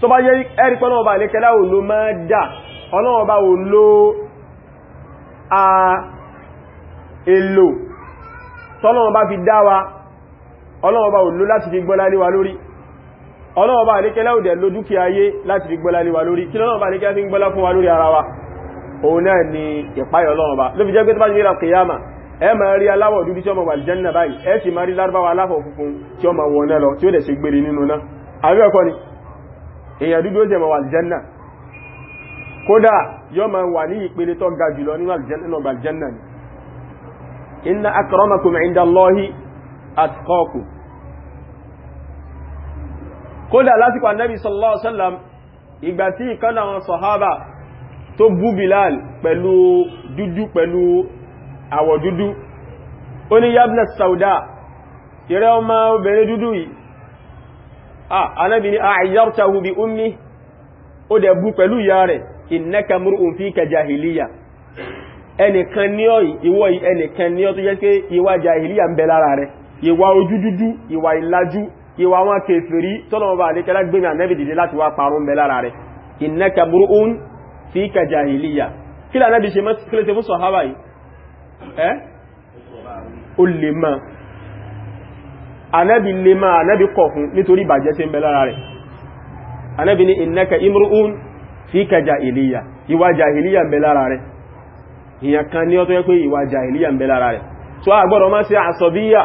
Speaker 1: tó bá jẹ́ ẹ̀rí pé ọlọ́ọ̀bá àlékẹ́lá ò ló máa dà ọlọ́ọ̀bá ò ló a èlò tọ́lọ́ọ̀bá fi dá wa ọlọ́ọ̀bá ò ló láti fi gbọ́lá lé wa lórí ọlọ́ọ̀bá àlékẹ́lá ò dẹ̀ ló dúkìá ayé láti fi gbọ́lá lé lórí kí ni ìpáyọ̀ ọlọ́ọ̀bá ló fi jẹ́ pé tó bá ti nílà kìyàmà ẹ máa rí aláwọ̀ dúdú tí ọmọ wà jẹ́ nà báyìí ẹ sì máa rí lárúbáwá aláfọ̀ funfun tí ọmọ wọn náà lọ tí ó dẹ̀ ṣe gbére nínú náà àríwẹ̀kọ́ ni èèyàn dúdú ó jẹ́ mọ̀ wà aljanna kódà yóò máa wà ní ìpele tó ga jùlọ nínú aljanna ni inna akramakum inda Allahi atqakum kódà lásìkò annabi sallallahu alaihi wasallam ìgbà tí ìkan àwọn sàhábà tó bú Bilal pẹ̀lú dúdú pẹ̀lú àwọ̀ dúdú ó ní yabna sauda ìrẹ́ ọmọ obìnrin dúdú yìí anábi ah, ni àìyártahu bí ummi ó dẹ̀ bú pẹ̀lú ìyá rẹ̀ innaka mur'un fika jahiliya ẹnìkan ní ọ̀yí ìwọ yìí ẹnìkan ní ọ tó jẹ́ pé ìwà jahiliya ń bẹ lára rẹ̀ ìwà ojújújú ìwà ìlàjú ìwà wọn kèfèrí tọ́lọ̀mọba àlékẹ́lá gbẹ̀mí ànábì dìde láti wá parun bẹ lára rẹ̀ anábì lè máa anábì kọ̀ fún nitori ìbàjẹ́ tí ń bẹ lára rẹ̀ anábì ní innaka imru'un fíka jahiliya ìwà jahiliya ń bẹ lára rẹ̀ ìyàn kan ní ọtọ́ yẹ pé ìwà jahiliya ń bẹ lára rẹ̀ so a gbọdọ máa ṣe àsọ̀bíyà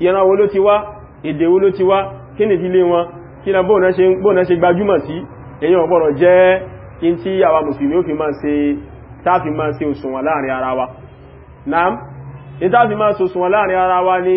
Speaker 1: ìyànà wo ló ti wá èdè wo ló ti wá kí ni ìdílé wọn kí na bóòna ṣe gbajúmọ̀ sí èyàn ọgbọ́dọ̀ jẹ́ in tí àwa mùsùlùmí ó fi máa ṣe táàfi máa ṣe òṣùwọ̀n láàrin ara wa naam ní táàfi máa ṣe òṣùwọ̀n láàrin ara wa ni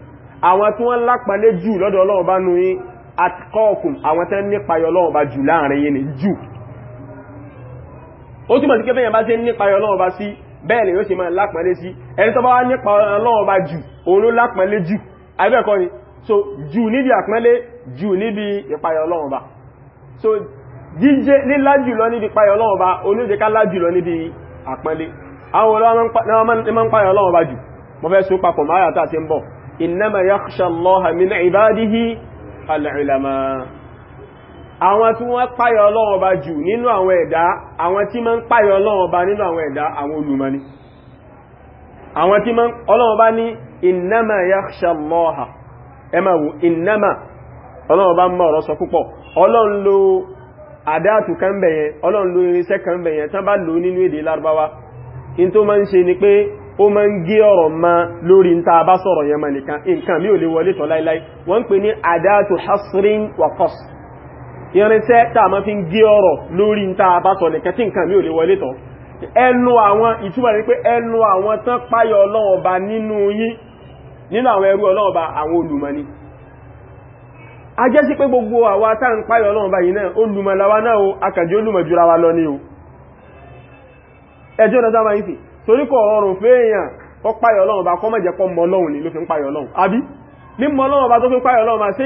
Speaker 1: àwọn tí wọ́n lápàlẹ́ jù lọ́dọ̀ ọlọ́run bá nú yín àtikọ́ọ̀kùn àwọn tẹ́ nípayọ ọlọ́run bá jù láàrin yín ni jù ó túnmọ̀ sí kébẹ̀yàn bá ṣe nípayọ ọlọ́run bá sí bẹ́ẹ̀ lè yóò ṣe máa lápàlẹ́ sí ẹni tó bá wá nípa ọlọ́run bá jù òun ló jù àbẹ́ẹ̀kọ́ ni so jù níbi àpẹ́lẹ́ jù níbi ìpayọ ọlọ́run bá so jíjẹ lílá jùlọ níbi ìpayọ ọlọ́run bá olóòjẹ́ká lá jùlọ níbi àpẹ́lẹ́ àwọn olóòrùn máa ń payọ ọlọ́run bá jù mo fẹ́ so papọ̀ إنما يخشى الله من عباده العلماء. ulama àwọn tí wọ́n páyọ Ọlọ́run Ọba jù nínú àwọn ẹ̀dá àwọn tí máa ń páyọ Ọlọ́run Ọba nínú àwọn ẹ̀dá àwọn olùmọ̀ni àwọn tí máa ń Ọlọ́run Ọba ní innama yakhsha Allaha ẹmà wò innama Ọlọ́run Ọba mọ́ ọ̀rọ̀ sọ púpọ̀ Ọlọ́run lo àdáàtù ó máa ń gé ọ̀rọ̀ ma lórí ta bá sọ̀rọ̀ yẹn ma nìkan nǹkan mí ò lè wọlé tọ̀ láíláí wọ́n ń pè ní adatu hasrin wa irinṣẹ́ tá a fi ń gé ọ̀rọ̀ lórí ta bá sọ nìkan tí nǹkan mí ò lè wọlé ẹnu àwọn ìtumọ̀ ní pé ẹnu àwọn tán páyọ ọlọ́wọ̀n nínú yín nínú àwọn ẹrú àwọn olùmọ̀ni a jẹ́ sí pé gbogbo àwọn páyọ yìí náà olùmọ̀láwa náà wa lọ ní o ẹjọ́ torí kò rọrùn fún èèyàn kọ́ páyọ̀ ọlọ́run bá kọ́ mọ̀ jẹ́ kọ́ mọ ọlọ́run ni ló fi ń páyọ̀ ọlọ́run àbí ní mọ ọlọ́run bá tó fi ń páyọ̀ ọlọ́run bá ṣe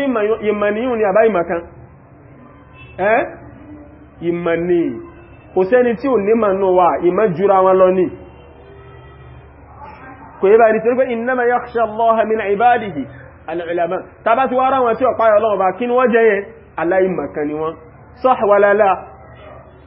Speaker 1: ìmọ̀ níyùn ni àbá ìmọ̀ kan ẹ́ ìmọ̀ ni kò sẹ́ni tí ò nímọ̀ nù wà ìmọ̀ jura wọn lọ ní kò yẹ bá torí pé innama yakhsha Allaha min ibadihi al-ulama tàbá wọn tí ọ̀páyọ̀ ọlọ́run bá kí ni wọ́n jẹ́ yẹn aláìmọ̀ ni wọ́n sọ́h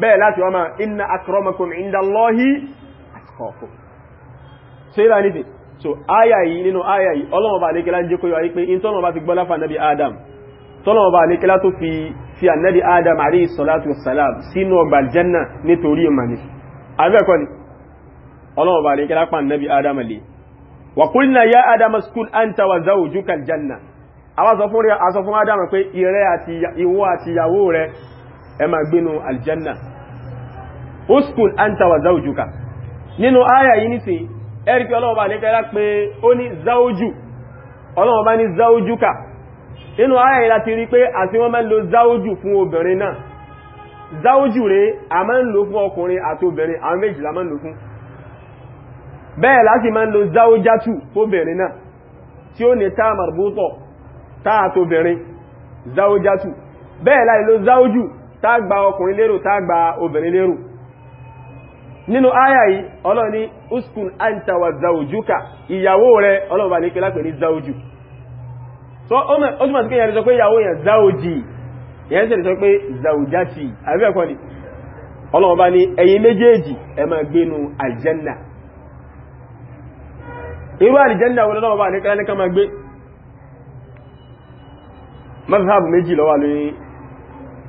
Speaker 1: bẹ́ẹ̀ láti wọ́n máa inna akramakum inda Allahi atqakum so ibà níbi so áyà yìí nínú áyà yìí ọlọ́wọ́ bá alékẹ́lá ń jẹ́ kó yọ wípé in tọ́lọ́wọ́ bá fi gbọ́lá fún ànábì Adam tọ́lọ́wọ́ bá alékẹ́lá tó fi fi ànábì Adam alayhi salatu wassalam sínú ọgbà aljanna nítorí ìmàní abẹ́ẹ̀kọ́ ni ọlọ́wọ́ bá alékẹ́lá pa ànábì Adam lè wa qulna ya Adam uskun anta wa ẹ máa gbénu aljanna uskun anta wa zawjuka nínú àyà yìí nísìn ẹ̀rí pé ọlọ́wọ́ bá ní kẹ́lá pé ó ní záójú ọlọ́wọ́ bá ní záójúka nínú àyà yìí láti rí pé àti wọ́n máa ń lo záójú fún obìnrin náà záójú rẹ̀ a máa ń lo fún ọkùnrin àti obìnrin àwọn méjì la máa ń lo fún bẹ́ẹ̀ láti máa ń lo záójátù fóbìnrin náà tí ó ní tá marbutọ̀ tá bẹ́ẹ̀ láì lo záójú tágbà ọkùnrin lérò tágbà obìnrin lérò nínú àyà yìí ọlọ́run ní uskun anta wa zawjuka ìyàwó rẹ ọlọ́run bá ní pé lápẹ̀ ní zawju so ó túnmọ̀ sí kéyàn lè pé ìyàwó yẹn zawji yẹn sì sọ pé zawjati àbí ẹ̀kọ́ ni ní ẹ̀yin méjèèjì gbénu aljanna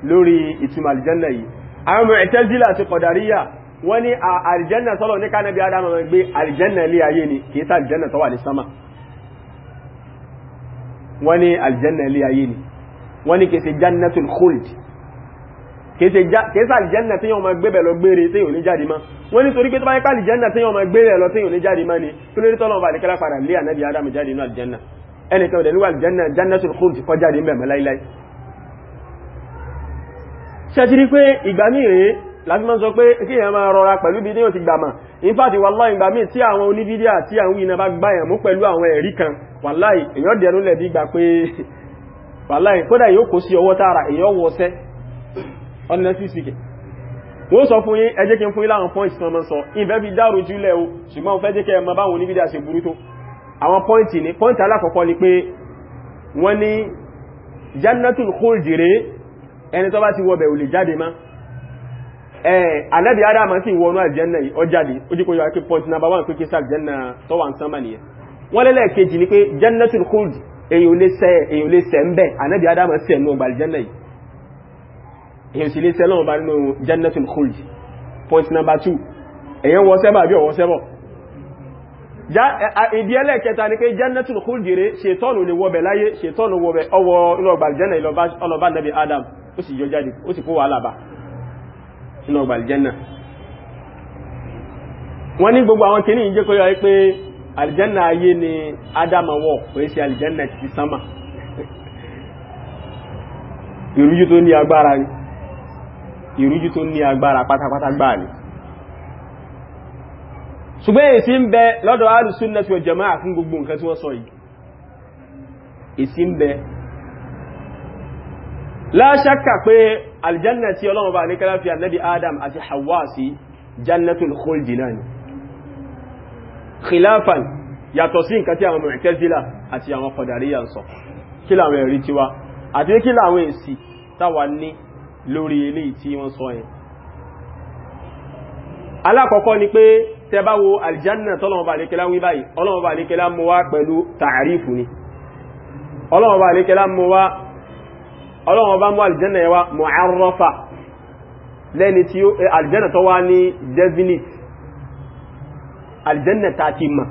Speaker 1: lórí ìtumọ̀ àlìjẹ́nà yìí àwọn Mu'tazila àti Qadariyya wọ́n ní àlìjẹ́nà sọ́lọ̀ ní kánàbí Ádámù gbé àlìjẹ́nà ilé ayé ni kìí sá àlìjẹ́nà tó wà ní sánmà wọ́n ní àlìjẹ́nà ilé ayé ni wọ́n ní kìí ṣe jannatul khuld kìí sá àlìjẹ́nà tí yóò máa gbé bẹ̀ lọ gbére tí yóò ní jáde mọ́ wọ́n ní torí pé tó bá yẹ pé àlìjẹ́nà tí yóò máa gbé lọ tí yóò ní jáde mọ́ ṣẹ́tìrí pé ìgbà míì rèé láti máa sọ pé kí èèyàn máa rọra pẹ̀lú bí déyàn ti gbàmà ìfàtí wallahi ìgbà míì tí àwọn oníbídíà tí àwọn ìyìnà bá gbáyàn mú pẹ̀lú àwọn ẹ̀rí kan wallahi èèyàn dẹ̀rún lẹ̀ bí gbà pé wallahi kódà yóò kó sí ọwọ́ tààrà èèyàn wọ́sẹ́ honestly speaking wọ́n sọ fún yín ẹ jẹ́ kí n fún yín láwọn ẹni tó bá ti wọbẹ̀ ò lè jáde má alẹ́bí adama sì wọnú àjẹ́nà yìí ó jáde ó jíkó yọ pé point number one pé kí sáà jẹ́nà tó wà ń sánmà nìyẹn wọ́n lẹ́lẹ̀ kejì ni pé jannatul khuld èyàn lè sẹ́ èyàn lè sẹ́ point number two èyàn wọ sẹ́bà bí ọwọ́ sẹ́bọ̀ ìdí ẹlẹ́ẹ̀kẹta ni pé jannatul khuld jèrè ṣètọ́nù lè wọbẹ̀ láyé ṣètọ́nù wọbẹ̀ ọwọ́ inú ọgbà àjẹ́nà ìlọ́bá nẹ́bí adam ó sì yọ jáde ó sì kó wàhálà bá sínú ọgbà àlìjẹ́nà wọ́n ní gbogbo àwọn kìíní ìjẹ́ kóyọ pé àlìjẹ́nà ayé ni ádámọ̀wọ̀ kòí sí àlìjẹ́nà ti sánmà ìrújú tó ní agbára ni ìrújú tó ní agbára pátápátá gbáà ni ṣùgbọ́n èsì ń bẹ lọ́dọ̀ alùsùn náà fi ọjọ́ máa fún gbogbo nǹkan tí wọ́n sọ yìí èsì ń bẹ láṣákà pé aljanna tí ọlọ́run bá ní kẹ́lá fi annabi adam àti hawa sí jannatul khuldi náà ni khilafan yàtọ̀ sí nǹkan tí àwọn mu'tazila àti àwọn qadariya ń sọ kí làwọn ẹ̀rí tiwa àti kí làwọn èsì táwa ní lórí eléyìí tí wọ́n sọ yẹn alákọ̀ọ́kọ́ ni pé tẹbá wo aljanna tọ́lọ̀wọ́ ọlọ́run bá mú aljanna yẹwa mu'arrafa lẹ́ni tí ó aljanna eh, tó wá ní definite aljanna ta ti ma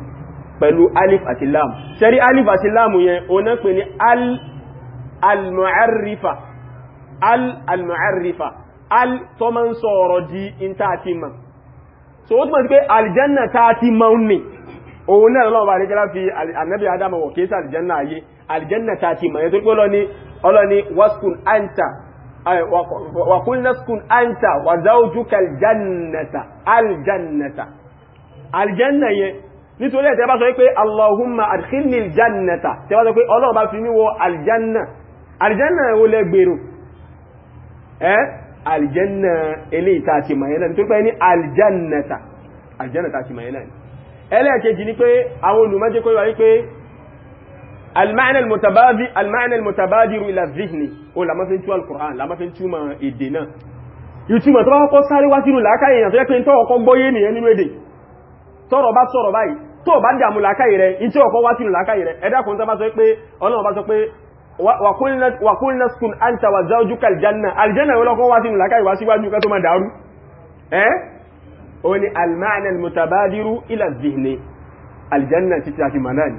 Speaker 1: pẹ̀lú alif àti lam ṣẹ́rí alif àti lam yẹn o náà pè ní al-mu'arrifa tó ma ń sọ ọ̀rọ̀ di in ta ti ma so ó túnmọ̀ sí pé aljanna ta ti ma ń ní òun náà lọ́wọ́ bá ní kẹ́lá fi annabi adama ọlọ́ni waskun anta wakulnaskun anta wa zawjuka aljannata aljannata aljanna yẹn nítorí ẹ̀ tẹ́bá sọ pé allahumma adkhilni aljannata tẹ́bá sọ pé ọlọ́run bá fi mí wọ aljanna aljanna wo lẹ gbèrò ẹ́ aljanna eléyìí tá a ti mọ̀ yẹn náà nítorí pé ní aljannata aljanna tá a ti mọ̀ yẹn náà ẹlẹ́ẹ̀kejì pé àwọn olùmọ́jẹ́kọ́ المعنى المتبادر المعنى المتبادر الى الذهن او لا ما في تو القران لا ما في تو ما ادنا ìtumọ̀ tó bá kọ́kọ́ sáré wá sínú làákàyè èèyàn tó yẹ pé tó ọkọ́ gbọ́yé nìyẹn nínú èdè tọ́rọ̀ bá sọ̀rọ̀ báyìí tó bá dàmú làákàyè rẹ̀ in tí ọkọ́ wá sínú làákàyè rẹ̀ ẹ̀dàkùn tó bá sọ pé ọlọ́run bá sọ pé wàkúnlẹ̀ skun anta wà záójúkà aljanna aljanna wọ́n lọ́kọ́ wá sínú làákàyè wá síwájú ká tó máa dàrú ẹ́ o ni almaanal mutabadiru ila zihni aljanna títí àti manani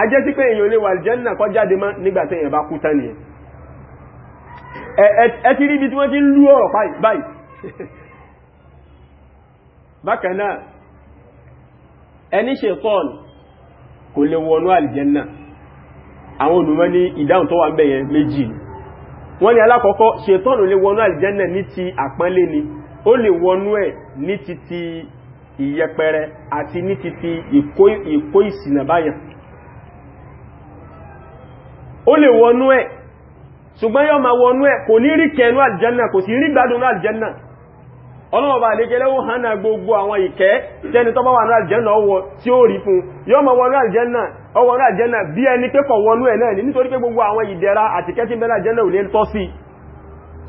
Speaker 1: a jẹ́ sí pé èyàn lè wà jẹ́nà kọ́ jáde má nígbàtí èyàn bá kú tán nìyẹn ẹ ti rí ibi tí wọ́n ti ń lú ọ̀rọ̀ báyìí bákan náà ẹni ṣe tọ́ọ̀nù kò lè wọnú àlìjẹ́nà àwọn olùmọ̀ ní ìdáhùn tó wà ń bẹ̀yẹn méjì wọ́n ní alákọ̀ọ́kọ́ ṣe tọ́ọ̀nù lè wọnú àlìjẹ́nà ní ti àpọ́nlé ni ó lè wọnú ẹ̀ ní ti ti ìyẹpẹrẹ àti ní ti ti ìkó ìsìnà báyàn ó lè wọnú ẹ̀ ṣùgbọ́n yóò máa wọnú ẹ̀ kò ní rí kẹnu àlìjánà kò sí rí gbádùn àlìjánà ọlọ́wọ̀ba àlékelẹ́wò hànà gbogbo àwọn ìkẹ́ tẹni tọ́bá wà ní àlìjánà ọwọ́ tí ó rí fún yóò máa wọnú àlìjánà ọwọ́ ní àlìjánà bí ẹni pé kò wọnú ẹ̀ náà ní nítorí pé gbogbo àwọn ìdẹ̀ra àti kẹ́tí bẹ́ẹ̀ àlìjánà ò lè tọ́ sí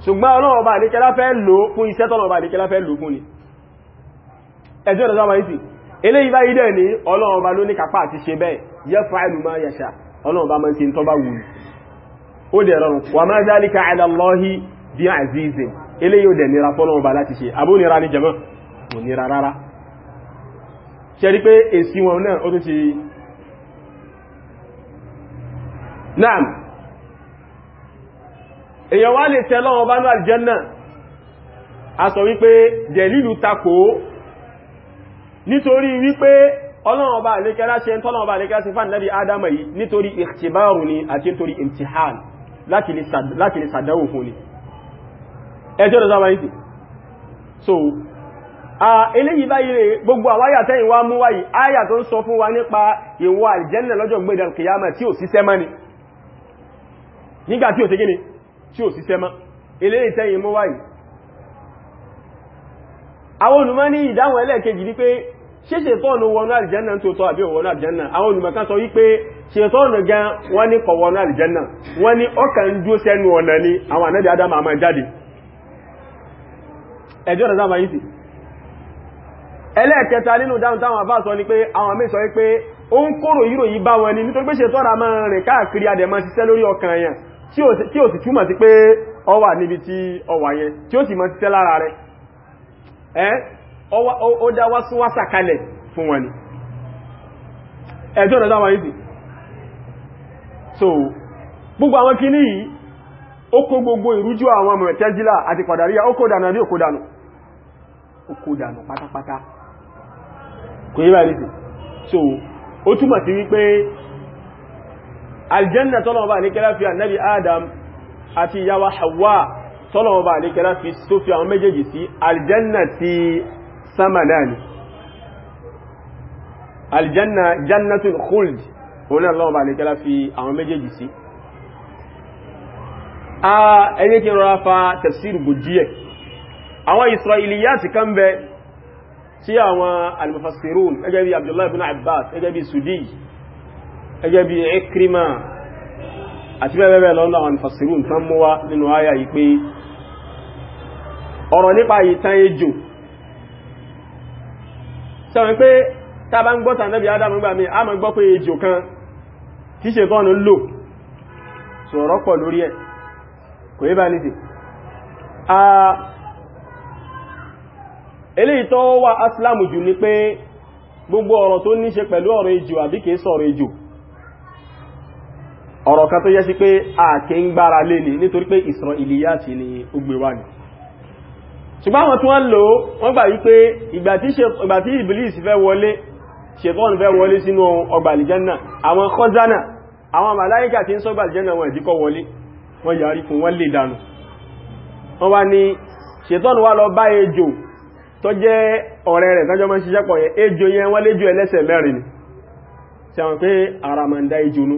Speaker 1: ṣùgbọ́n ọlọ́wọ̀ba àlékelá fẹ́ lò fún yẹ̀ṣà ọlọ́run bá mọ́ sí tọ́ bá wù ó dẹ̀ rọrùn wà máa dhalika ala Allahi bí àzíze eléyìí ò dẹ̀ nira fọ́lọ́run bá láti ṣe àbó nira ní jẹ́mọ́ kò nira rárá ṣẹ́rí pé èsì wọn náà ó tún ti naam èyàn wá lè tẹ́lọ́wọ́ bá ọlọ́run ọba àlékẹ́lá ṣe ń tọ́lọ́run ọba àlékẹ́lá ṣe fáànàbí ádámà yìí nítorí ìtìbáàrù ni àti nítorí imtihan láti lè sàdánwò fún ni ẹjọ́ lọ́sọ́ wáyé sí so eléyìí báyìí rẹ̀ gbogbo àwáyà tẹ́yìn wá mú wáyìí áyà tó ń sọ fún wa nípa ìwọ àlìjẹ́nà lọ́jọ́ gbẹ̀dẹ̀ kìyàmà tí ò síṣẹ́ mọ́ ni pé ṣé ṣètọ́nù wọnú àlìjẹ́nà tó tọ́ àbí wọnú àlìjẹ́nà àwọn olùmọ̀kan sọ wípé ṣètọ́nù gan wọ́n ní kọ̀ wọnú àlìjẹ́nà wọ́n ní ọkà ń dúó sẹ́nu ọ̀nà ni àwọn ànábì adam àmà jáde ẹjọ́ rẹ̀ sáà yìí ẹlẹ́ẹ̀kẹta nínú dáhùn táwọn àbá ni pe n'ipe ó dá wá sún wásà kalẹ̀ fún wọn ni ẹjọ́ ọ̀dá wọn yìí so gbogbo àwọn kìíní yìí ó kó gbogbo ìrújú àwọn ọmọ ẹ̀tẹ́jìlá àti pàdàríyà ó kó dànù àbí òkó dànù pátápátá kò yí so ó túmọ̀ sí wípé aljanna tọ́lọ̀wọ́ bá ní kẹ́lá fi annabi adam àti ìyá hawa tọ́lọ̀wọ́ bá ní kẹ́lá fi sófí àwọn méjèèjì sí aljanna sama náà ni aljanna jannatul khuld òun náà lọ́wọ́ bá lè kẹ́lá fi àwọn méjèèjì sí a ẹni kí rọra fa tafsir bù díẹ̀ àwọn israiliyat kan bẹ tí àwọn almufassirun gẹ́gẹ́ bí abdullahi ibn abbas gẹ́gẹ́ bí sudi gẹ́gẹ́ bí ikrima àti bẹ́ẹ̀bẹ́ẹ̀ lọ́nà àwọn almufassirun tán mú wá nínú àyà yìí pé ọ̀rọ̀ nípa ìtàn ejò sọ́rọ̀ pé tàbá ń gbọ́ta nẹ́bí adam gbà mí a ma gbọ́ pé ejò kan tí ṣe tọ́nà lò sọ̀rọ̀ pọ̀ lórí ẹ̀ kò yí bá nìsì eléyìí tó wà asìlámù jù ní pé gbogbo ọ̀rọ̀ tó ní ṣe pẹ̀lú ọ̀rọ̀ ejò àbí kìí sọ̀rọ̀ ejò ọ̀rọ̀ kan tó yẹ sí pé a kìí ń gbára lé ní nítorí pé Israiliyati ni ó gbé wà ní ṣùgbọ́n àwọn tí wọ́n lò wọ́n gbà wípé ìgbà tí Iblis fẹ́ wọlé ṣètọ́n fẹ́ wọlé sínú ọgbà àlìjẹ́nà àwọn kọ́zánà àwọn màláíkà tí ń sọ́gbà àlìjẹ́nà wọn ìdíkọ́ wọlé wọ́n yàrí fún wọ́n lè dànù wọ́n wá ní ṣètọ́n wá lọ bá ejò tó jẹ́ ọ̀rẹ́ rẹ̀ tọ́jọ́ mọ́ ṣiṣẹ́ pọ̀ yẹn ejò yẹn wọ́n léjò ẹlẹ́sẹ̀ mẹ́rin ni ṣe àwọn pé àràmàndá ejò nú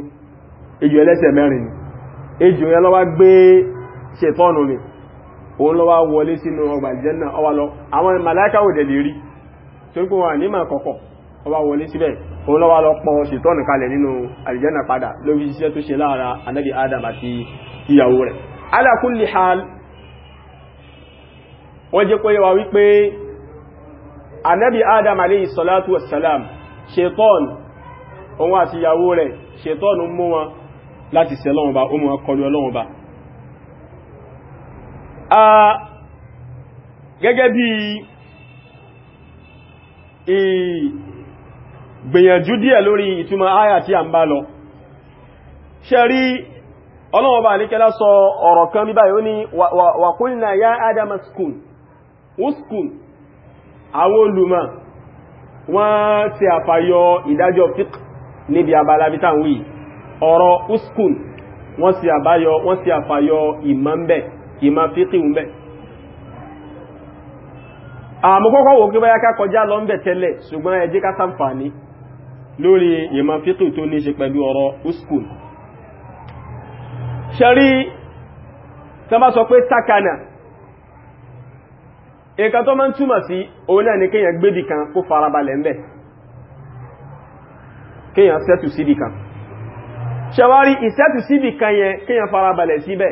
Speaker 1: ejò ẹlẹ́sẹ̀ mẹ́rin ni ejò yẹn lọ wá gbé ṣètọ́nù ni òun lọ wá wọlé sínú ọgbà ìjẹ́nà ọwà lọ àwọn màláíkà ò dẹ̀ lè rí tó kún wọn nímọ̀ kọ̀kọ̀ ọwà wọlé síbẹ̀ òun lọ wá lọ pọ̀ ṣètọ́nù kalẹ̀ nínú àlìjẹ́nà padà lórí iṣẹ́ tó ṣe lára anábì adam àti ìyàwó rẹ̀ ala kulli hal wọ́n jẹ́ kóyẹ wa wípé anábì adam alayhi salatu wassalam ṣètọ́nù òun àti ìyàwó rẹ̀ ṣètọ́nù mú wọn láti sẹ́lọ́wọ́n ba ó mú wọn kọlu ọlọ́wọ́n ba gẹ́gẹ́ bí ìgbìyànjú díẹ̀ lórí ìtumọ̀ àyà tí a ń bá lọ ṣe rí ọlọ́wọ́ba sọ ọ̀rọ̀ kan bí báyìí ní ya adam uskun uskun àwọn olùmọ̀ wọ́n ti àfàyọ ìdájọ́ fiqh níbi abala bí tàwí ọ̀rọ̀ wọ́n ìmá fíkì ń bẹ́ àmúkọ́kọ́ ah, wò kí bá yáká kọjá lọ ń bẹ̀ tẹ́lẹ̀ ṣùgbọ́n ẹjẹ́ ká sàǹfàní lórí ìmá fíkì tó ní ṣe pẹ̀lú ọ̀rọ̀ uskul ṣẹ́rí tán bá sọ pé takana nǹkan tó máa ń túmọ̀ sí òun náà ni kéèyàn gbébì kan kó farabalẹ̀ ń bẹ̀ kéèyàn sẹ́tù síbì kan ṣẹwárí ìsẹ́tù síbì kan yẹn kéèyàn farabalẹ̀ síbẹ̀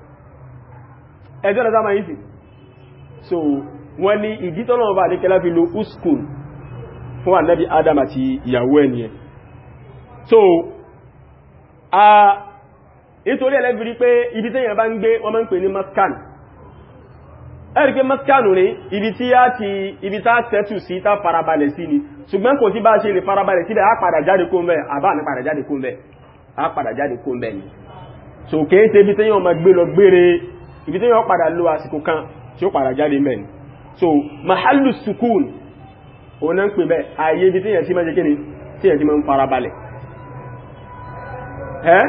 Speaker 1: ẹjọ́ lọ́sá máa yìí sí so wọ́n ní ìdí tọ́lọ́wọ́ bá adékẹ́lá fi lo uskun fún ànábì adam àti ìyàwó ẹni ẹ̀ so a nítorí ẹlẹ́bìrí pé ibi tẹ́yàn bá ń gbé wọ́n máa ń pè ní maskan ẹ̀rí pé maskan ní ibi tí a ti ibi tá sẹ́tù sí tá farabalẹ̀ sí ni ṣùgbọ́n kò sí bá so kèé ṣe tẹ́yàn máa gbé lọ gbére ibi tí yóò padà lo àsìkò kan tí ó padà jáde mẹ́rin so mahalu sukun òun náà ń pè bẹ́ẹ̀ ààyè ibi tí èyàn ti máa jẹ́ kíni tí èyàn ti máa ń farabalẹ̀ ẹ́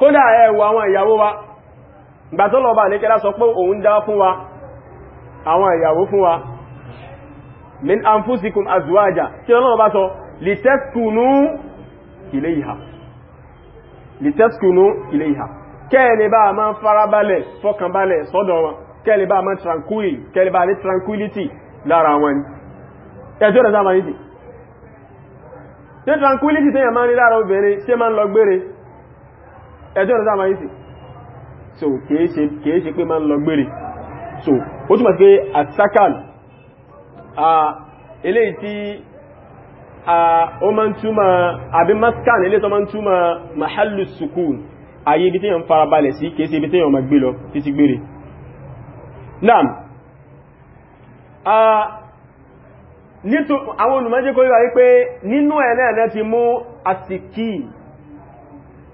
Speaker 1: kódà ẹ̀wọ àwọn ìyàwó wa gbàtọ́lọ́ba àníkẹ́lá sọ pé òun dá fún wa àwọn ìyàwó fún wa min anfusikum azwaja kí ọlọ́run bá sọ litaskunu ilayha litaskunu ilayha kẹ́ẹ̀lẹ̀ bá máa farabalẹ̀ fọkànbalẹ̀ sọ́dọ̀ wọn kẹ́ẹ̀lẹ̀ bá máa tranquil kẹ́ẹ̀lẹ̀ bá ní tranquility lára wọn ni ẹjọ́ rẹ̀ sáà máa nìdí ní tranquility tẹ́yà máa ní lára obìnrin ṣe máa ń lọ gbére ẹjọ́ rẹ̀ sáà máa nìdí so kìí ṣe pé máa ń lọ gbére so ó túnmọ̀ sí pé àtisákàl eléyìí tí ó máa ń túmọ̀ àbí maskan eléyìí sukun ayé ibi téèyàn farabalẹ̀ sí kìí sí ibi téèyàn ma gbé lọ títí gbére naam nítò àwọn olùmọ́jẹ́ kó yíwa wípé nínú ẹ̀ náà náà ti mú àtìkì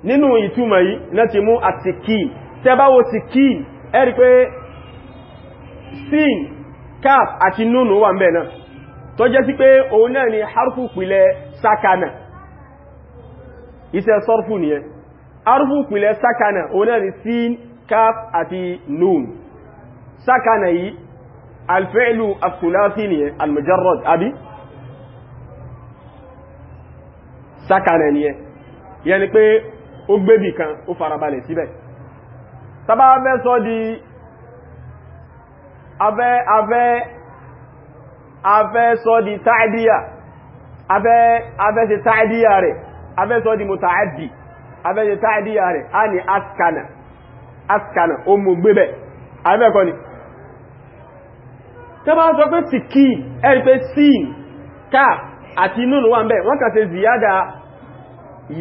Speaker 1: nínú ìtumọ̀ yìí náà ti mú àtìkì tẹ́báwo ti kí ẹ̀rí pé sin cap àti nùnù wà ń bẹ̀ náà tó jẹ́ sí pé òun náà ni harfu pìlẹ̀ sákánà iṣẹ́ sọ́rfù nìyẹn arúfù pìlẹ̀ sákànà onáni sin kaf àti nun sákànà yìí alfẹ́lú afkulasi ni almujarrad abi sákànà ni ẹ yẹni pé ó gbébì kan ó farabalẹ̀ síbẹ̀ tàbá abẹ́ sọ di abẹ́ abẹ́ abẹ́ sọ di ta'diya abẹ́ abẹ́ ṣe ta'diya rẹ̀ abẹ́ sọ di muta'addi abẹ́jẹ táàdíyà rẹ̀ a ní askana askana o mú gbé bẹ̀ abẹ́kọ́ ni tó sọ pé síkí ẹ̀rí pé sín káà àti inú wọ́n ziyada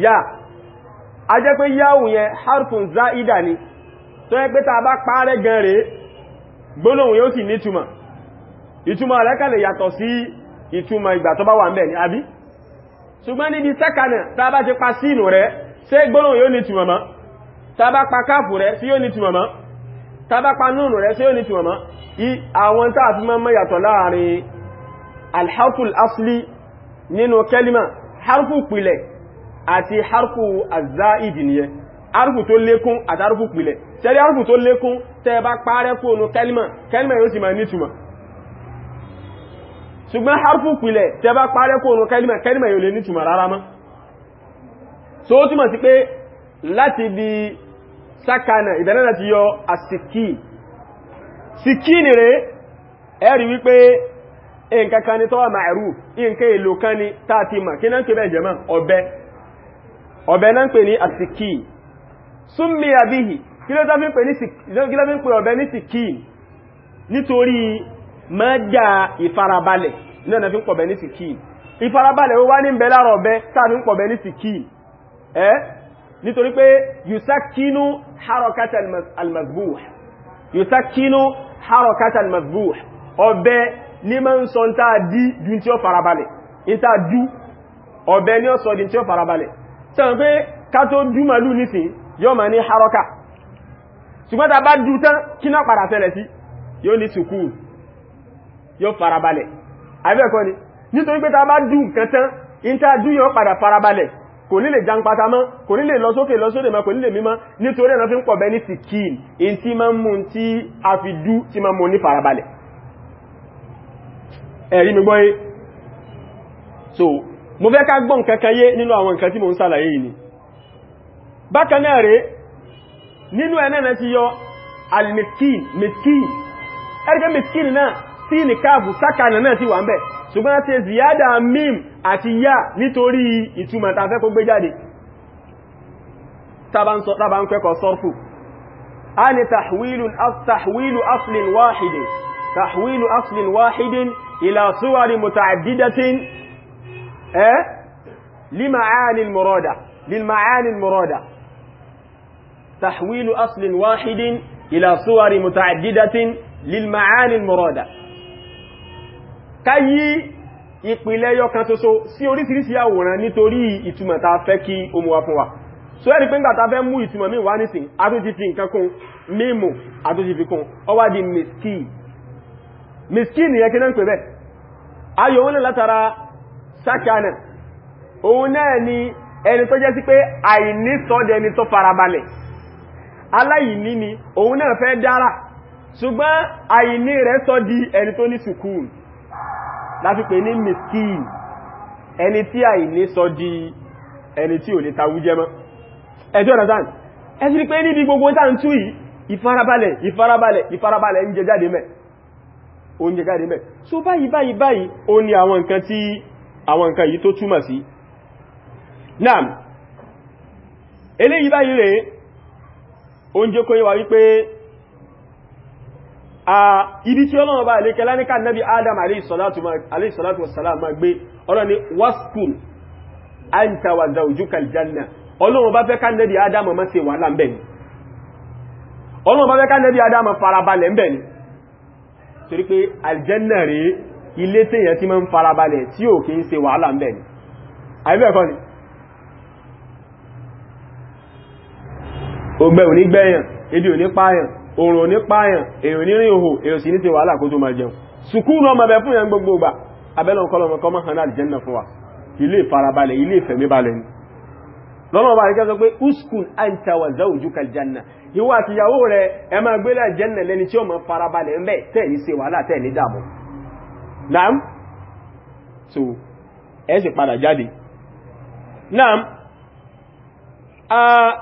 Speaker 1: ya a jẹ́ pé yáwù yẹn harfun za'ida ni tó yẹ pé ta bá gan rẹ̀ gbólóhùn yóò sì nítumọ̀ ìtumọ̀ rẹ̀ yàtọ̀ sí ituma ìgbà tó bá wà ń bẹ̀ ni àbí ṣùgbọ́n níbi sẹ́kànà ti pa sínú rẹ̀ ṣé gbólóhùn yóò ní tùmọ̀mọ́ tàbá pa káàfù rẹ̀ sí yóò ní tùmọ̀mọ́ tàbá pa núùnù rẹ̀ sí yóò ní tùmọ̀mọ́ àwọn tàà fi mọ́ yàtọ̀ láàrin alhaful asli nínú kẹlima harfu pìlẹ̀ àti harfu azáìdì nìyẹn harfu tó lékún àti harfu pìlẹ̀ ṣẹ́rí harfu tó lékún tẹ́ bá parẹ́ fóònù kẹlima kẹlima yóò sì máa nítumọ̀ ṣùgbọ́n harfu pìlẹ̀ tẹ́ bá parẹ́ fóònù kẹlima kẹlima yóò lè nítumọ̀ rárá mọ́ so ó túmọ̀ sí pé láti bí sákànà ìbẹ̀rẹ̀ láti yọ àsìkí síkí ni rẹ̀ ẹ̀rí wípé nǹkan ni tọ́wà ma'ruf nǹkan èlò kan ni tààtì mà kí náà kébẹ̀ jẹ́mà ọ̀bẹ ọ̀bẹ náà pè ní àsìkí súnmí àbíhì kí ló tàbí pè ní nítorí ìfarabalẹ̀ náà fi ń pọ̀bẹ ní síkí ìfarabalẹ̀ ó wá ní ń bẹ lára ọ̀bẹ tààtì ń pọ̀bẹ ní ẹ́ nítorí pé yusakinu harakata almazbuh yusakinu harakata almazbuh ọ̀bẹ ní ma ń sọ ta dí dùn tí ó farabalẹ̀ in ta dú ọ̀bẹ ní ó sọ dùn tí ó farabalẹ̀ tẹ́wọ̀n pé ká tó dú màlú nísìn yóò ma ní haraka ṣùgbọ́n ta bá dú tán kí náà padà tẹ́lẹ̀ sí yóò ní sùkúù yóò farabalẹ̀ àbẹ́ẹ̀kọ́ ni nítorí pé ta bá dú nǹkan tán in dú yóò padà farabalẹ̀ kò ní lè jàǹpata mọ́ kò ní lè lọ sókè lọ sódè mọ́ kò ní lè mímọ́ nítorí ẹ̀nà fi ń pọ̀bẹ ní sikin in tí ma ń mú tí a fi dú tí ma mú ní farabalẹ̀ ẹ̀rí mi gbọ́yé so mo fẹ́ ká gbọ́n kankanyé nínú àwọn nǹkan tí mo ń sàlàyé yìí ni bákan náà rẹ̀ nínú ẹ̀nà ti tí ní káàfù sákànà náà ti wà ń bẹ̀ ṣùgbọ́n ṣe ziyada mim àti ya nítorí ìtumọ̀ tàfẹ́ kó gbé jáde tàbá ń kẹ́kọ̀ọ́ sọ́rfù a ní tàhwílù aslin wáhidin tàhwílù aslin wáhidin ila suwari muta'addidatin eh lima'ani al-murada للمعاني المرادة تحويل أصل واحد إلى صور متعددة للمعاني المرادة ká yí ìpìlẹ̀ yọkan tó so sí orísìírísìí àwòrán nítorí ìtumọ̀ ta fẹ́ kí o mú wa fún wa so ẹ́rì pé ń gbàtà fẹ́ mú ìtumọ̀ mi wá nìsìn àtúntí nǹkan kún mímù àtúntí kún ó di miski miski nìyẹn kí náà ń pè bẹ́ẹ̀ ayò wọn látara sákàánà òun náà ni ẹni tó jẹ́ sí pé àìní sọ́dẹ̀ ni tó farabalẹ̀ aláìní ni òun náà ṣùgbọ́n àìní rẹ̀ sọ di ẹni tó ní sùkúù láti pè ní miskin ẹni tí àìní sọ di ẹni tí ò lè tawújẹ mọ́ ẹjọ́ ọ̀dọ̀dán ẹ̀sì rí pé níbi gbogbo tá ń tú yìí ìfarabalẹ̀ ìfarabalẹ̀ ìfarabalẹ̀ oúnjẹ jáde mẹ́ oúnjẹ jáde mẹ́ so báyìí báyìí báyìí ó ní àwọn nǹkan tí àwọn nǹkan yìí tó túmọ̀ sí naam eléyìí báyìí rẹ̀ oúnjẹ kó yé wípé ibi tí ọlọ́run bá ilé kẹlá ní ká nẹ́bí adam aleyhisalatu wasalam ma gbé ọ̀rọ̀ ni waskun anta wa zawjuka aljanna ọlọ́run bá fẹ́ ká nẹ́bí adam ma ṣe wàhálà ń bẹ̀ ni ọlọ́run bá fẹ́ ká nẹ́bí adam farabalẹ̀ ń bẹ̀ ni torí pé aljanna rẹ̀ ilé tèyàn ti máa ń farabalẹ̀ tí ò kí ń ṣe wàhálà ń bẹ̀ ni àìbẹ̀ kọ́ ni ògbẹ̀ ò ní gbẹ̀yàn ebi ò ní òrùn ní páyàn èrò ní rìn òhò èrò sí ní ti wàhálà kó tó máa jẹun sùkúrù ọmọ bẹ fún yẹn gbogbo gbà abẹ́lẹ̀ ọkọlọmọ kọmọ hàn náà jẹ́ náà fún wa ilé ìfarabalẹ̀ ilé ìfẹ̀mí balẹ̀ ni lọ́nà ọba àríkẹ́ sọ pé uskun anta wa zawjuka aljanna ìwọ àti ìyàwó rẹ̀ ẹ máa gbélé aljanna lẹ́ni tí ó máa farabalẹ̀ ń bẹ̀ tẹ́ ní ṣe wàhálà tẹ́ ní dààmú naam so ẹ sì padà a ah,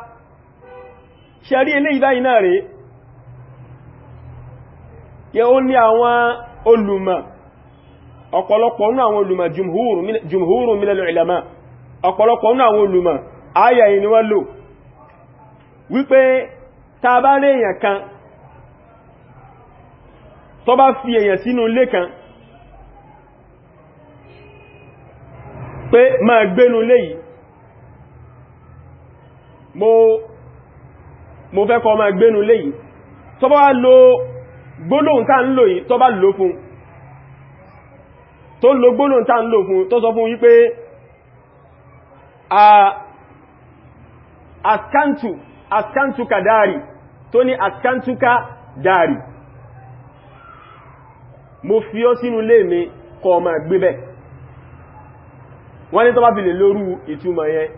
Speaker 1: ṣe rí eléyìí báyìí rèé yẹ ó ní àwọn olùmọ̀ ọ̀pọ̀lọpọ̀ oluma àwọn olùmọ̀ jùmhúrù mílẹ̀lẹ̀ ìlàmà ọ̀pọ̀lọpọ̀ ní àwọn olùmọ̀ ayà ni wọ́n lò wípé ta bá rí kan tó bá fi èyàn sínú ilé kan pé ma gbénu lé yìí mo fẹ́ kó máa gbénu lé lo gbólóhùn tá ń lò yìí tó bá lò fún tó lo gbólóhùn tá ń lò fún tó sọ fún wípé askantu askantuka tó ní mo fi sínú lè mi kọ ọmọ gbébẹ̀ wọ́n ni tó bá lórú ìtumọ̀ yẹn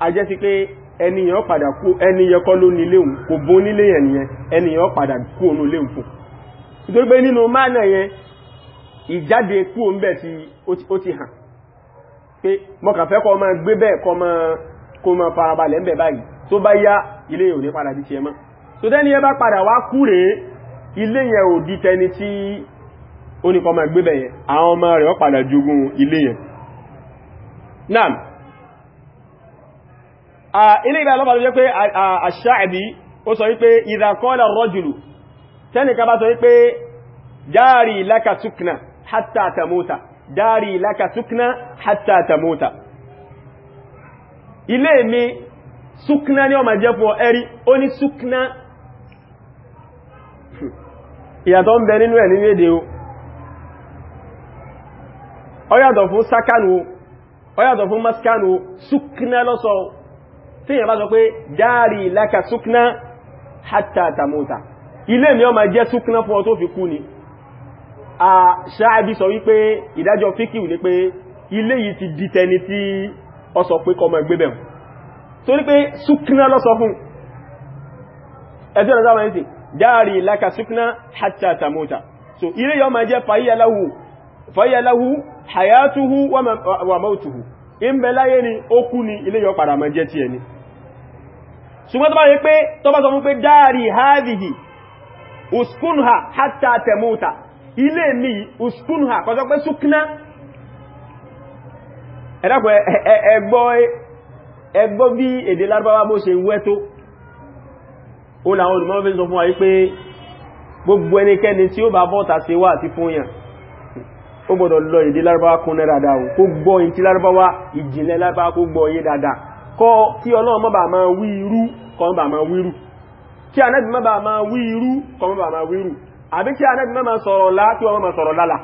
Speaker 1: a jẹ́ pé ẹniyàn padà kú ẹniyàn kọ́ ló nílé òun kò bó nílé ẹniyàn nítorí pé nínú máàna yẹn ìjáde kú ń bẹ̀ tí ó ti hàn pé mọ́kàn fẹ́ kọ́ máa gbé bẹ́ẹ̀ kọ́ máa kó máa farabalẹ̀ ń bẹ̀ báyìí tó bá yá ilé yẹn ò ní padà di tiẹ̀ mọ́ tó tẹ́ni yẹn bá padà wá kú rèé ilé yẹn ò di tẹni tí ó ní kọ́ máa gbé bẹ̀ yẹn àwọn ọmọ rẹ̀ ó padà jogún ilé yẹn naam ilé ìgbà lọ́pàá tó jẹ́ pé àṣà ẹ̀bí ó sọ wípé ìdàkọ́lẹ̀ rọ́jùlù tẹ́nìkan bá sọ wípé dáàrí laka sukna hatta tamuta dáàrí laka sukna hatta tamuta ilé mi sukna ní ọmọ jẹ́ fún ẹ̀rí ó ní sukna ìyàtọ̀ ń bẹ nínú ẹ̀ nínú èdè o ó yàtọ̀ fún sakanu ó yàtọ̀ fún maskanu sukna lọ́sọ̀ tí ìyàn sọ pé dáàrí laka sukna hatta tamuta ilé mi ó máa jẹ́ súnkúnná fún ọ tó fi kú ni a ṣáàbí sọ wípé ìdájọ́ fíkìwù ní pé ilé yìí ti di tẹni tí ọ sọ pé kọmọ ẹgbẹ́ bẹ̀rù torí pé súnkúnná lọ sọ fún ẹjọ́ ọ̀nà sáwọn ẹ̀sìn dáàrí ìlàkà súnkúnná hatta tamuta so ilé yìí ó máa jẹ́ fàyíyàláwù wa mautuhu in bẹ láyé ni ó kú ni ilé yọ padà máa jẹ́ ti ẹni ṣùgbọ́n tó uskunha hata temuta ilé mi uskunha kọjọ pé súnkúnná ẹ̀dàpọ̀ ẹgbọ́ bí èdè lárúbáwá bó ṣe wẹ́ tó ó làwọn olùmọ́ fi sọ fún wa wípé gbogbo ẹnikẹ́ni tí ó bá bọ́ta ṣe wà àti fún yàn ó gbọ́dọ̀ lọ èdè lárúbáwá kún ní dáadáa kó gbọ́ yìí tí lárúbáwá ìjìnlẹ̀ lárúbáwá kó gbọ́ yìí dáadáa kọ́ kí ọlọ́run má bàa máa wí irú kọ́ má bàa máa wí irú kí anẹ́bì má bàa máa wí irú kọ má bàa máa wí irú àbí kí anẹ́bì má máa sọ̀rọ̀ lá kí wọ́n máa sọ̀rọ̀ lálà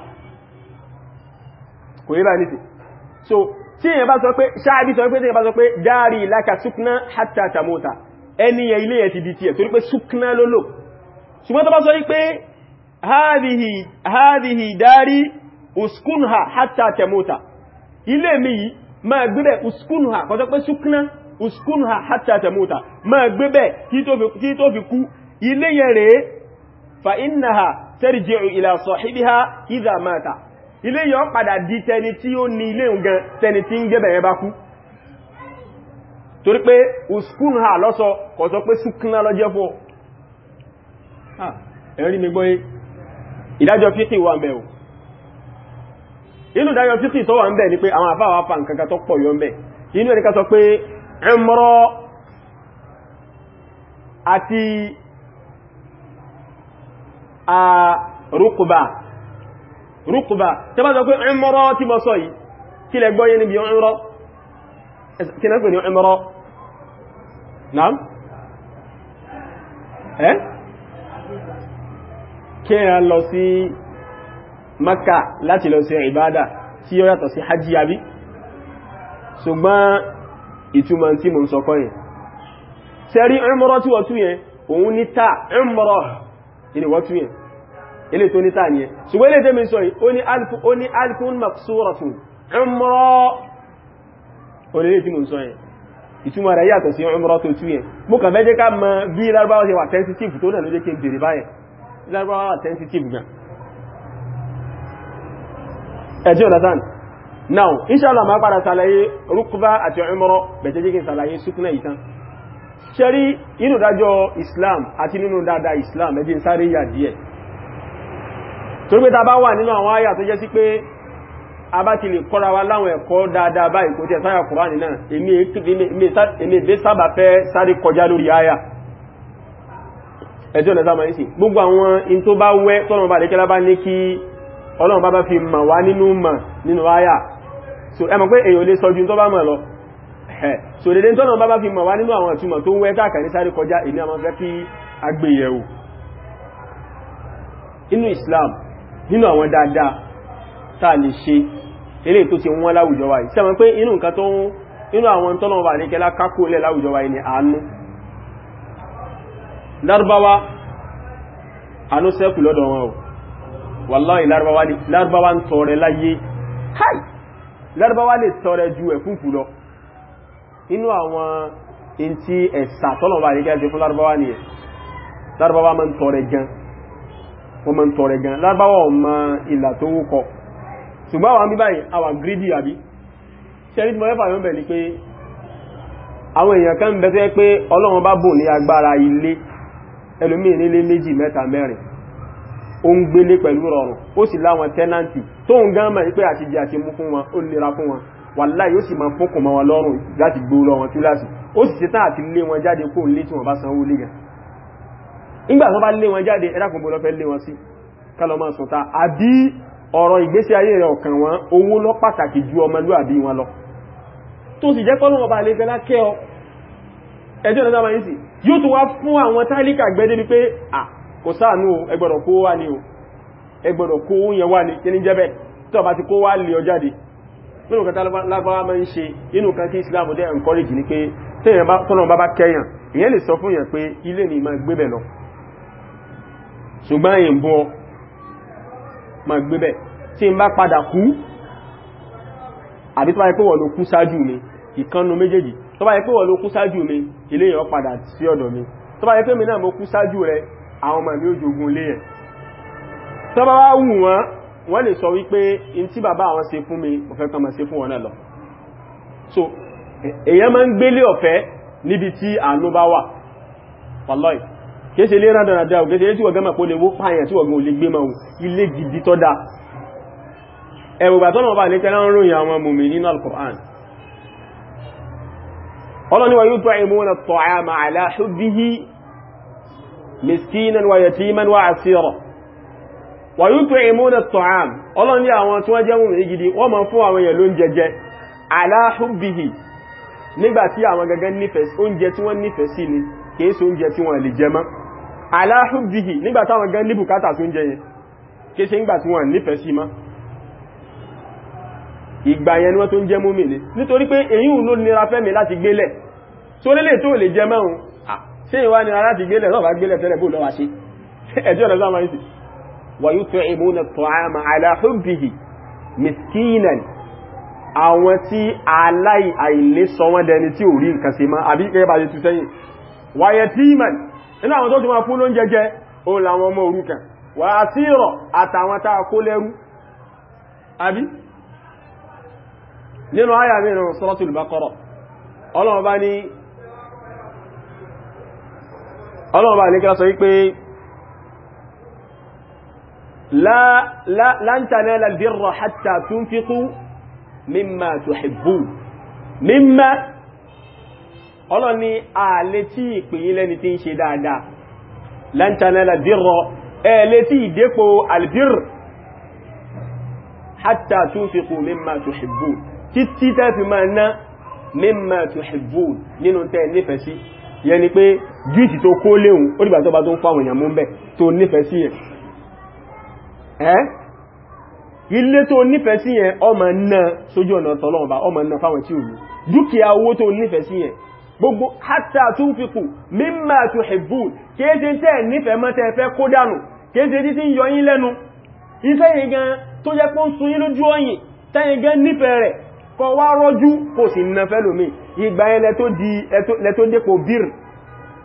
Speaker 1: kò yé bá nìtì so tí èyàn bá sọ pé ṣáàbí sọ pé tí èyàn bá sọ pé dáàrí ìlàkà súkná hátà tàmótà ẹni yẹ ilé yẹn ti di tiẹ̀ torí pé súkná lólò ṣùgbọ́n tó bá sọ ha hatta tamuta ma gbé bẹ́ kí tó fi kú ilé yẹn rẹ̀ fa innaha tarji'u ila sahibiha idha mata ilé yọ padà di tẹni tí ó ní ilé ǹgan tẹni tí ń gbébẹ̀ yẹn bá kú torí pé uskunha lọ́sọ kò pé sukuna lọ jẹ́ fún ẹ̀rí inú ìdájọ́ fíkì tó wà umrah àti rúkùbà rúkùbà tí bá sọ pé umrah tí bọ́ sọ yìí kí lẹ gbọ́yẹ́ níbi umrah kí náà pè ní umrah náà ẹ́ kí ẹ lọ sí Makka láti lọ sí ìbádà tí ó yàtọ̀ sí hajji ṣùgbọ́n ìtumọ̀ tí mo ń sọ kọ́yìn sẹ́rí umrah tí wọ́n tú yẹn òun ní ta umrah ilé wọ́n tú yẹn ilé tó ní ta ní ẹ ṣùgbọ́n ilé tẹ́mi sọ yìí ó ní alkun maksuratun umrah olèlé tí mo ń sọ yẹn ìtumọ̀ rẹ̀ yàtọ̀ sí umrah tó tú yẹn mú kàn fẹ́ jẹ́ ká mọ bí lárúbáwá ṣe wà sensitive tó nà ló jẹ́ kí n bèrè báyẹn lárúbáwá wà sensitive gan ẹjọ́ ọ̀dátán now inshallah ma padà sàlàyé rúkúbá àti umra bẹ̀tẹ́jẹ́kì sàlàyé súkúnà ìtàn ṣẹ́rí inú dájọ́ islam àti nínú dáadáa islam ẹjí ń sáré yà díẹ̀ torí pé ta bá wà nínú àwọn àyà tó jẹ́ sí pé a bá ti lè kọ́ra wa láwọn ẹ̀kọ́ dáadáa so ẹ mọ̀ pé èyàn lè sọ ju tó bá mọ̀ lọ so dédé tọ́nà bá bá fi mọ̀ wá nínú àwọn ìtumọ̀ tó ń wẹ́ káàkà ní sáré kọjá ìní àwọn fẹ́ kí agbèyẹ̀wò inú Islam nínú àwọn dáadáa tàà lè ṣe eré tó ti wọ́n láwùjọ wa yìí sẹ́mọ̀ pé inú nǹkan tó ń inú àwọn tọ́nà wà ní kẹlá kákó lẹ́ láwùjọ wa yìí ni àánú lárúbáwá àánú sẹ́kù lọ́dọ̀ wọn o wàláì lárúbáwá ń tọrẹ láyé háì lárúbáwá lè tọrẹ ju ẹ̀fúnfù lọ inú àwọn in tí ẹ̀sà tọ́lọ̀bà ní gẹ́gẹ́ fún lárúbáwá ni ẹ̀ lárúbáwá ma ń tọrẹ gan wọ́n ma ń tọrẹ gan lárúbáwá ọmọ ìlà tó wúkọ ṣùgbọ́n àwọn bíbáyìí àwọn gírídì àbí ṣẹ́rí tí mo rẹ́fà yóò bẹ̀ ni pé àwọn ó ń gbélé pẹ̀lú rọrùn ó sì láwọn tẹ́nàntì tó ń gán mọ̀ pé àṣejì àti mú fún wọn ó lera fún wọn wàláhì yóò sì máa fúnkùn mọ́ wọn lọ́rùn láti gbó lọ wọn túláàsì ó sì ṣetán àti lé wọn jáde kó lé tí wọ́n bá sanwó lé gan nígbà tó bá lé wọn jáde ẹ̀dàkùn bó lọ fẹ́ lé wọn sí kálọ máa sùn ta àbí ọ̀rọ̀ ìgbésí ayé rẹ̀ ọ̀kan wọn owó lọ pàtàkì ju ọmọlúàbí wọn lọ tó sì jẹ́ kọ́lọ́wọ́ bá lè fẹ́ lákẹ́ ọ ẹjọ́ ìdájọ́ máa ń sì yóò tún wá fún àwọn tálíkà gbẹ́dẹ́ wípé à kò sáànú ẹgbọ̀rọ̀ kó wá ní o ẹgbọ̀rọ̀ kó oúnjẹ wá ní kí ní jẹ́bẹ̀ tó bá ti kó wá lè ọjáde nínú kan lágbára máa ń ṣe inú kan tí Islam dẹ́ encourage ní pé tọ́nà bá ni máa gbébẹ̀ lọ ṣùgbọ́n èyàn bọ́ máa gbébẹ̀ tí n bá padà kú àbí tó bá yẹ pé wọ́n ló kú sáájú mi ìkanu méjèèjì tó bá yẹ pé wọ́n ló kú sáájú ilé yẹn padà sí ọ̀dọ̀ mi tó yẹ pé mi náà mo kú sáájú rẹ̀ àwọn ọmọ mi ó jogun lé ẹ̀ tó bá wá wù wọ́n wọ́n lè sọ wípé in tí bàbá àwọn ṣe fún mi mo fẹ́ kàn máa fún wọn lọ so èyàn máa ń gbélé ọ̀fẹ́ níbi tí àánú bá wà wallahi kéèṣe lé rádaràdà ògéṣe lé tí wọ́n gẹ́mà pó lè wó pààyàn tí wọ́n lè gbé máa ilé gidi tọ́ da ẹ̀wùgbà tọ́nà ọba lè tẹ́lá ń ròyìn miskinan wa yatiman wa asira wa yut'imuna at-ta'am ọlọ́run ní àwọn tí wọ́n jẹ́ mùmí gidi wọ́n máa fún àwọn èèyàn ló ń jẹjẹ ala hubbihi nígbà tí àwọn gangan nífẹ̀ẹ́ oúnjẹ tí wọ́n nífẹ̀ẹ́ sí ni kìí sí oúnjẹ tí wọ́n lè jẹ mọ́ ala hubbihi nígbà táwọn gan ní bùkátà tó ń jẹ yẹn kìí sí nígbà tí wọ́n nífẹ̀ẹ́ sí mọ́ ìgbà ni wọ́n tó ń jẹ́ ni nítorí pé èyí ò ló nira fẹ́mi láti gbélẹ̀ tó lélẹ̀ tó lè jẹ mọ́ ṣé ìwá ni aláti gbélẹ̀ lọ́wọ́ gbélẹ̀ tẹ́lẹ̀ bó lọ́wọ́ ṣe ẹjọ́ ọ̀nà sáà máa ń sì wà yóò tó ìbò na tọ́àmà aláhùbìhì miskinan àwọn tí aláì àìlé sọ wọ́n dẹni tí ò rí nǹkan ṣe máa àbí kẹ́ bá ṣe tu sẹ́yìn wàyẹ tíìmàn nínú àwọn tó ti máa fún ló ń jẹjẹ òun làwọn ọmọ òrukàn wà á sí rọ̀ àtàwọn tá a kó lẹ́rú àbí nínú àyà mìíràn suratul Baqara ọlọ́run bá ní ọlọ́ọ̀bá àlékẹ́lá sọ wípé lan tanala albirra hatta tunfiqu mimma tuhibbun mimma ọlọ́ni ààlẹ́ tí ìpìyìn lẹ́ni tí ń ṣe dáadáa lan tanala albirra ẹ̀ẹ́lẹ́ tí ìdépò albir hatta tunfiqu mimma tuhibbun títí tẹ́ fi máa ná mimma tuhibbun nínú tẹ́ nífẹ̀ẹ́ sí yẹni pé gíìsì tó kó léhun ó dìgbà tó bá tó ń fáwọn èèyàn mú ń bẹ̀ tó nífẹ̀ẹ́ sí yẹn ẹ́ ilé tó nífẹ̀ẹ́ sí yẹn ọmọ náà sójú ọ̀nà tọ́lọ́ọ̀bá ọmọ náà fáwọn tí ò ní dúkìá owó tó nífẹ̀ẹ́ sí yẹn gbogbo hátà tunfiqu mimma tuhibbun kéèsè tẹ́ nífẹ̀ẹ́ mọ́ tẹ́ fẹ́ kó dànù kéèsè tí tí ń yọyín lẹ́nu iṣẹ́ yìí gan tó jẹ́ pọ́n sun yín lójú ọyìn tẹ́yìn gan nífẹ̀ẹ́ rẹ̀ kọ wá rọ́jú kò sì nà fẹ́ lómi ìgbà yẹn lẹ́tó dépò bírì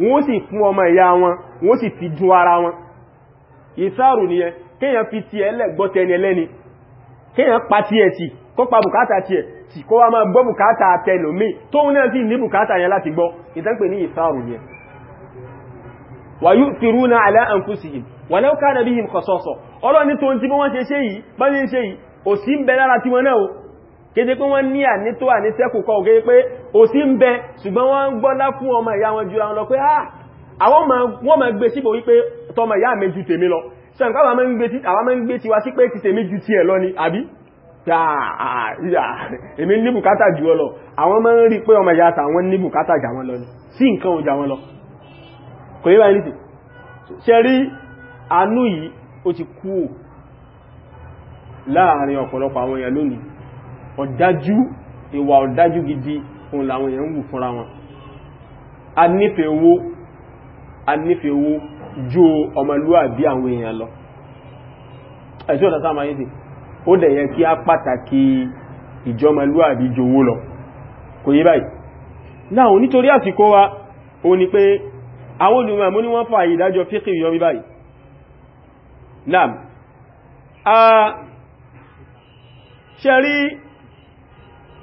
Speaker 1: wọ́n sì fún ọmọ ìyá wọn wọ́n sì fi dùn ara wọn ìsáàrù nìyẹn kéèyàn fi ti ẹlẹ́ gbọ́ tẹni ẹlẹ́ni kéèyàn pa ti ẹ̀ tì kó pa bùkátà ti ẹ̀ tì kó wá máa gbọ́ bùkátà tẹlòmíì tóun náà sì ní bùkátà yẹn láti gbọ́ ìtànpè ní kéde pé wọ́n ní ànító àníṣẹ́kù kọ́ òkè pé ò sí ń bẹ ṣùgbọ́n wọ́n ń gbọ́lá fún ọmọ ìyá wọn jura wọn lọ pé ah, àwọn wọ́n máa gbé síbò wípé tọmọ ìyá mi ju tèmi lọ ṣẹ́nkọ́ àwọn máa ń gbé tiwa sí pé ti tèmi ju tiẹ̀ lọ ni àbí èmi ní bùkátà jù ọ lọ àwọn máa ń rí pé ọmọ láàrin ọ̀pọ̀lọpọ̀ àwọn èèyàn lónìí ọ̀dájú ìwà ọ̀dájú gidi òun làwọn èèyàn ń wù fúnra wọn a nífẹ̀ẹ́ owó a nífẹ̀ẹ́ owó ju ọmọlúwàbí àwọn èèyàn lọ ẹ̀sí ọ̀dá sáà máa yé sí ó dẹ̀ yẹ kí á pàtàkì ìjọmọlúwàbí jowó lọ kò yé báyìí náà nítorí àsìkò wa ó ní pé àwọn olùmọ̀ mú ní wọ́n fà ìdájọ́ fíkì yọmí báyìí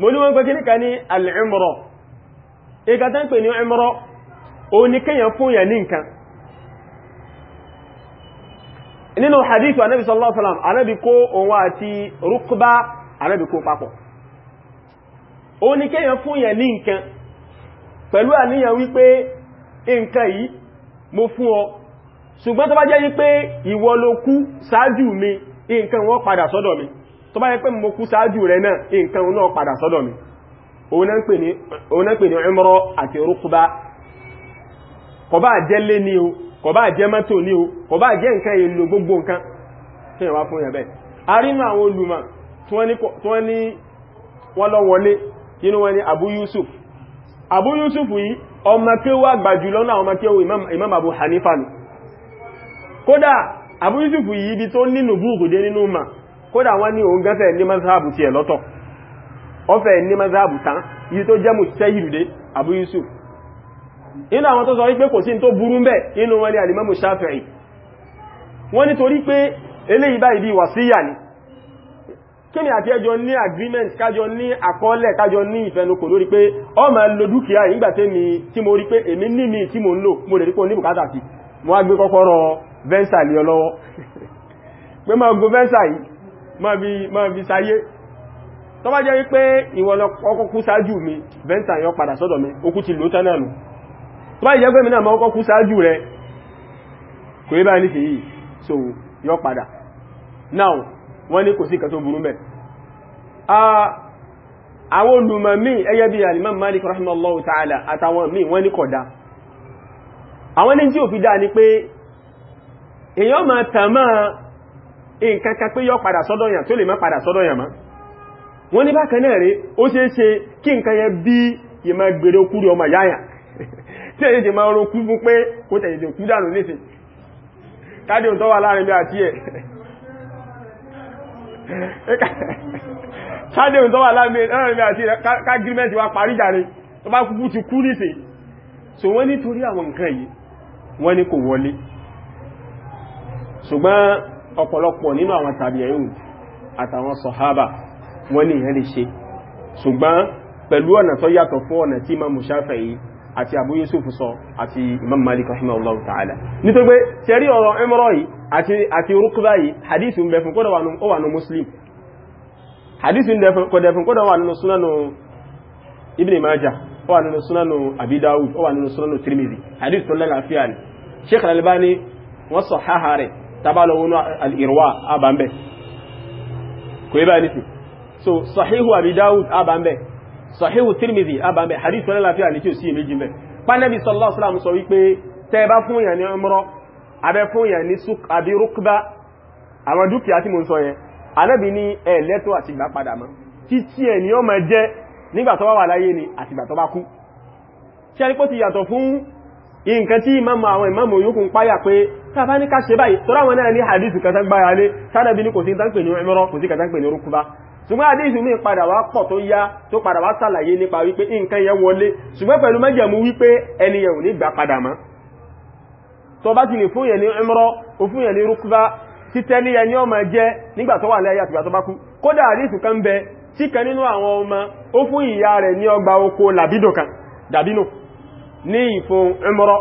Speaker 1: mo ní wọ́n pẹ́ kí ní ká ní al'imrọ̀ ìkà tán pè ní imrọ̀ o ní kíyàn fún yà ní nǹkan nínú hadithu anábi sallallahu alaihi wasallam anábi kó òun àti rukba anábi kó papọ̀ o ní kíyàn fún yà ní nǹkan pẹ̀lú àníyàn wípé nǹkan yìí mo fún ọ ṣùgbọ́n tó bá jẹ́ wípé ìwọ ló kú mi nǹkan wọ́n padà sọ́dọ̀ mi tó bá yẹ pé mo kú sáájú rẹ̀ náà nǹkan náà padà sọ́dọ̀ mi òun náà pè ní umra àti rúkúbá je bá jẹ́ lé ní o kò bá jẹ́ mọ́tò ní o kò bá jẹ́ nǹkan èlò gbogbo nǹkan tí wọ́n fún ní wọn ni Abu Yusuf Abu Yusuf yi ọmọkéwà gbàjùlọ náà ọmọkéwà Imam Abu Hanifa kódà wọ́n ní òun gẹ́fẹ́ ní mazhabu ti ẹ̀ lọ́tọ̀ ọfẹ́ ní mazhabu tán yìí tó jẹ́ mujtahid Abu Yusuf inú àwọn tó sọ wípé kò sí tó burú mbẹ̀ inú wọn ni alimamu Shafi'i wọ́n ní torí pé eléyìí báyìí bí wàsíyà ni kí ni àti ẹjọ́ ní agreement kájọ ní àkọọ́lẹ̀ kájọ ní ìfẹnukò lórí pé ọ ma lo dúkìá ìgbàtẹ́ tí mo rí pé èmi ní mi tí mo ń lò mo lè rí pé sí mo máa fi sáyé tó bá jẹ́ wípé ìwọ ló kú sáájú mi venta yọ padà sọ́dọ̀ mi ó ti lò tánà nù tó bá mi náà máa kú sáájú rẹ kò rí bá ní so yọ padà now wọ́n ní kò sí ìkà tó burú mẹ́ àwọn olùmọ̀ malik ta'ala fi nǹkan kan pé yọ padà sọ́dọ̀ yàn tó lè má padà sọ́dọ̀ yàn mọ́ wọ́n ní bákan náà rí ó ṣeé ṣe kí nǹkan yẹn bí yẹ máa gbèrè okú rí ọmọ yáyà tí èyí jẹ máa ro kú fún pé kó tẹ̀yẹ̀ jẹ kú dànù nísìn káàdì òun tó wà láàrin bí àti ẹ̀ káàdì òun tó wà láàrin bí àti ẹ̀ kágírímẹ́ntì wa parí jàre tó bá kúkú ti kú nísìn ọ̀pọ̀lọpọ̀ nínú àwọn tàbíyàyìn àtàwọn sọ̀hábà wọ́n ní ìyẹn lè ṣe ṣùgbọ́n pẹ̀lú ọ̀nà tó yàtọ̀ fún ọ̀nà tí imam Shafi'i àti Abu Yusuf sọ àti imam Malik rahimahullahu ta'ala nítorí pé tẹ́rí ọ̀rọ̀ ẹmọ́rọ̀ yìí àti àti rúkúbá yìí hadith ń bẹ fún kódà wà nù muslim hadith ń kọ̀dẹ̀ fún kódà wà nù sunanu ibn Majah ó wà nínú sunanu wọ́n sọ rẹ̀ tabalọ wọnú al'irwa abambẹ̀ kò yí bá ní so sahihu abi dawud abambẹ̀ sahihu tirmidhi abambẹ̀ hadith wọn láfíà ní kí o sí méjì mẹ́ pánẹ́bí sallallahu alaihi wasallam sọ wípé tẹ́ bá fún yà ní umra abẹ́ fún yà ní suk àbí rukba àwọn dúkìá tí mo ń sọ yẹn anábì ní ẹ lẹ́tọ́ àti ìgbà padà mọ́ títí ẹ̀ ni ó máa jẹ́ nígbà tó bá wà láyé ni àtìgbà tó bá kú ṣe àrípò ti yàtọ̀ fún nǹkan tí ìmáàmù àwọn ìmáàmù yòókù ya páyà pé tàbá ní ká ṣe báyìí ya àwọn náà ní hadith kan tán gbára lé sánàbí ní kò sí tán pè ní umra kò sí kan tán pè ní ṣùgbọ́n hadith mi padà wá pọ̀ tó yá tó padà wá sàlàyé nípa wípé nǹkan yẹn wọlé ṣùgbọ́n pẹ̀lú májẹ̀mú wípé ẹni ò ní gbà padà mọ́ ní ìfún ẹmọ́rọ́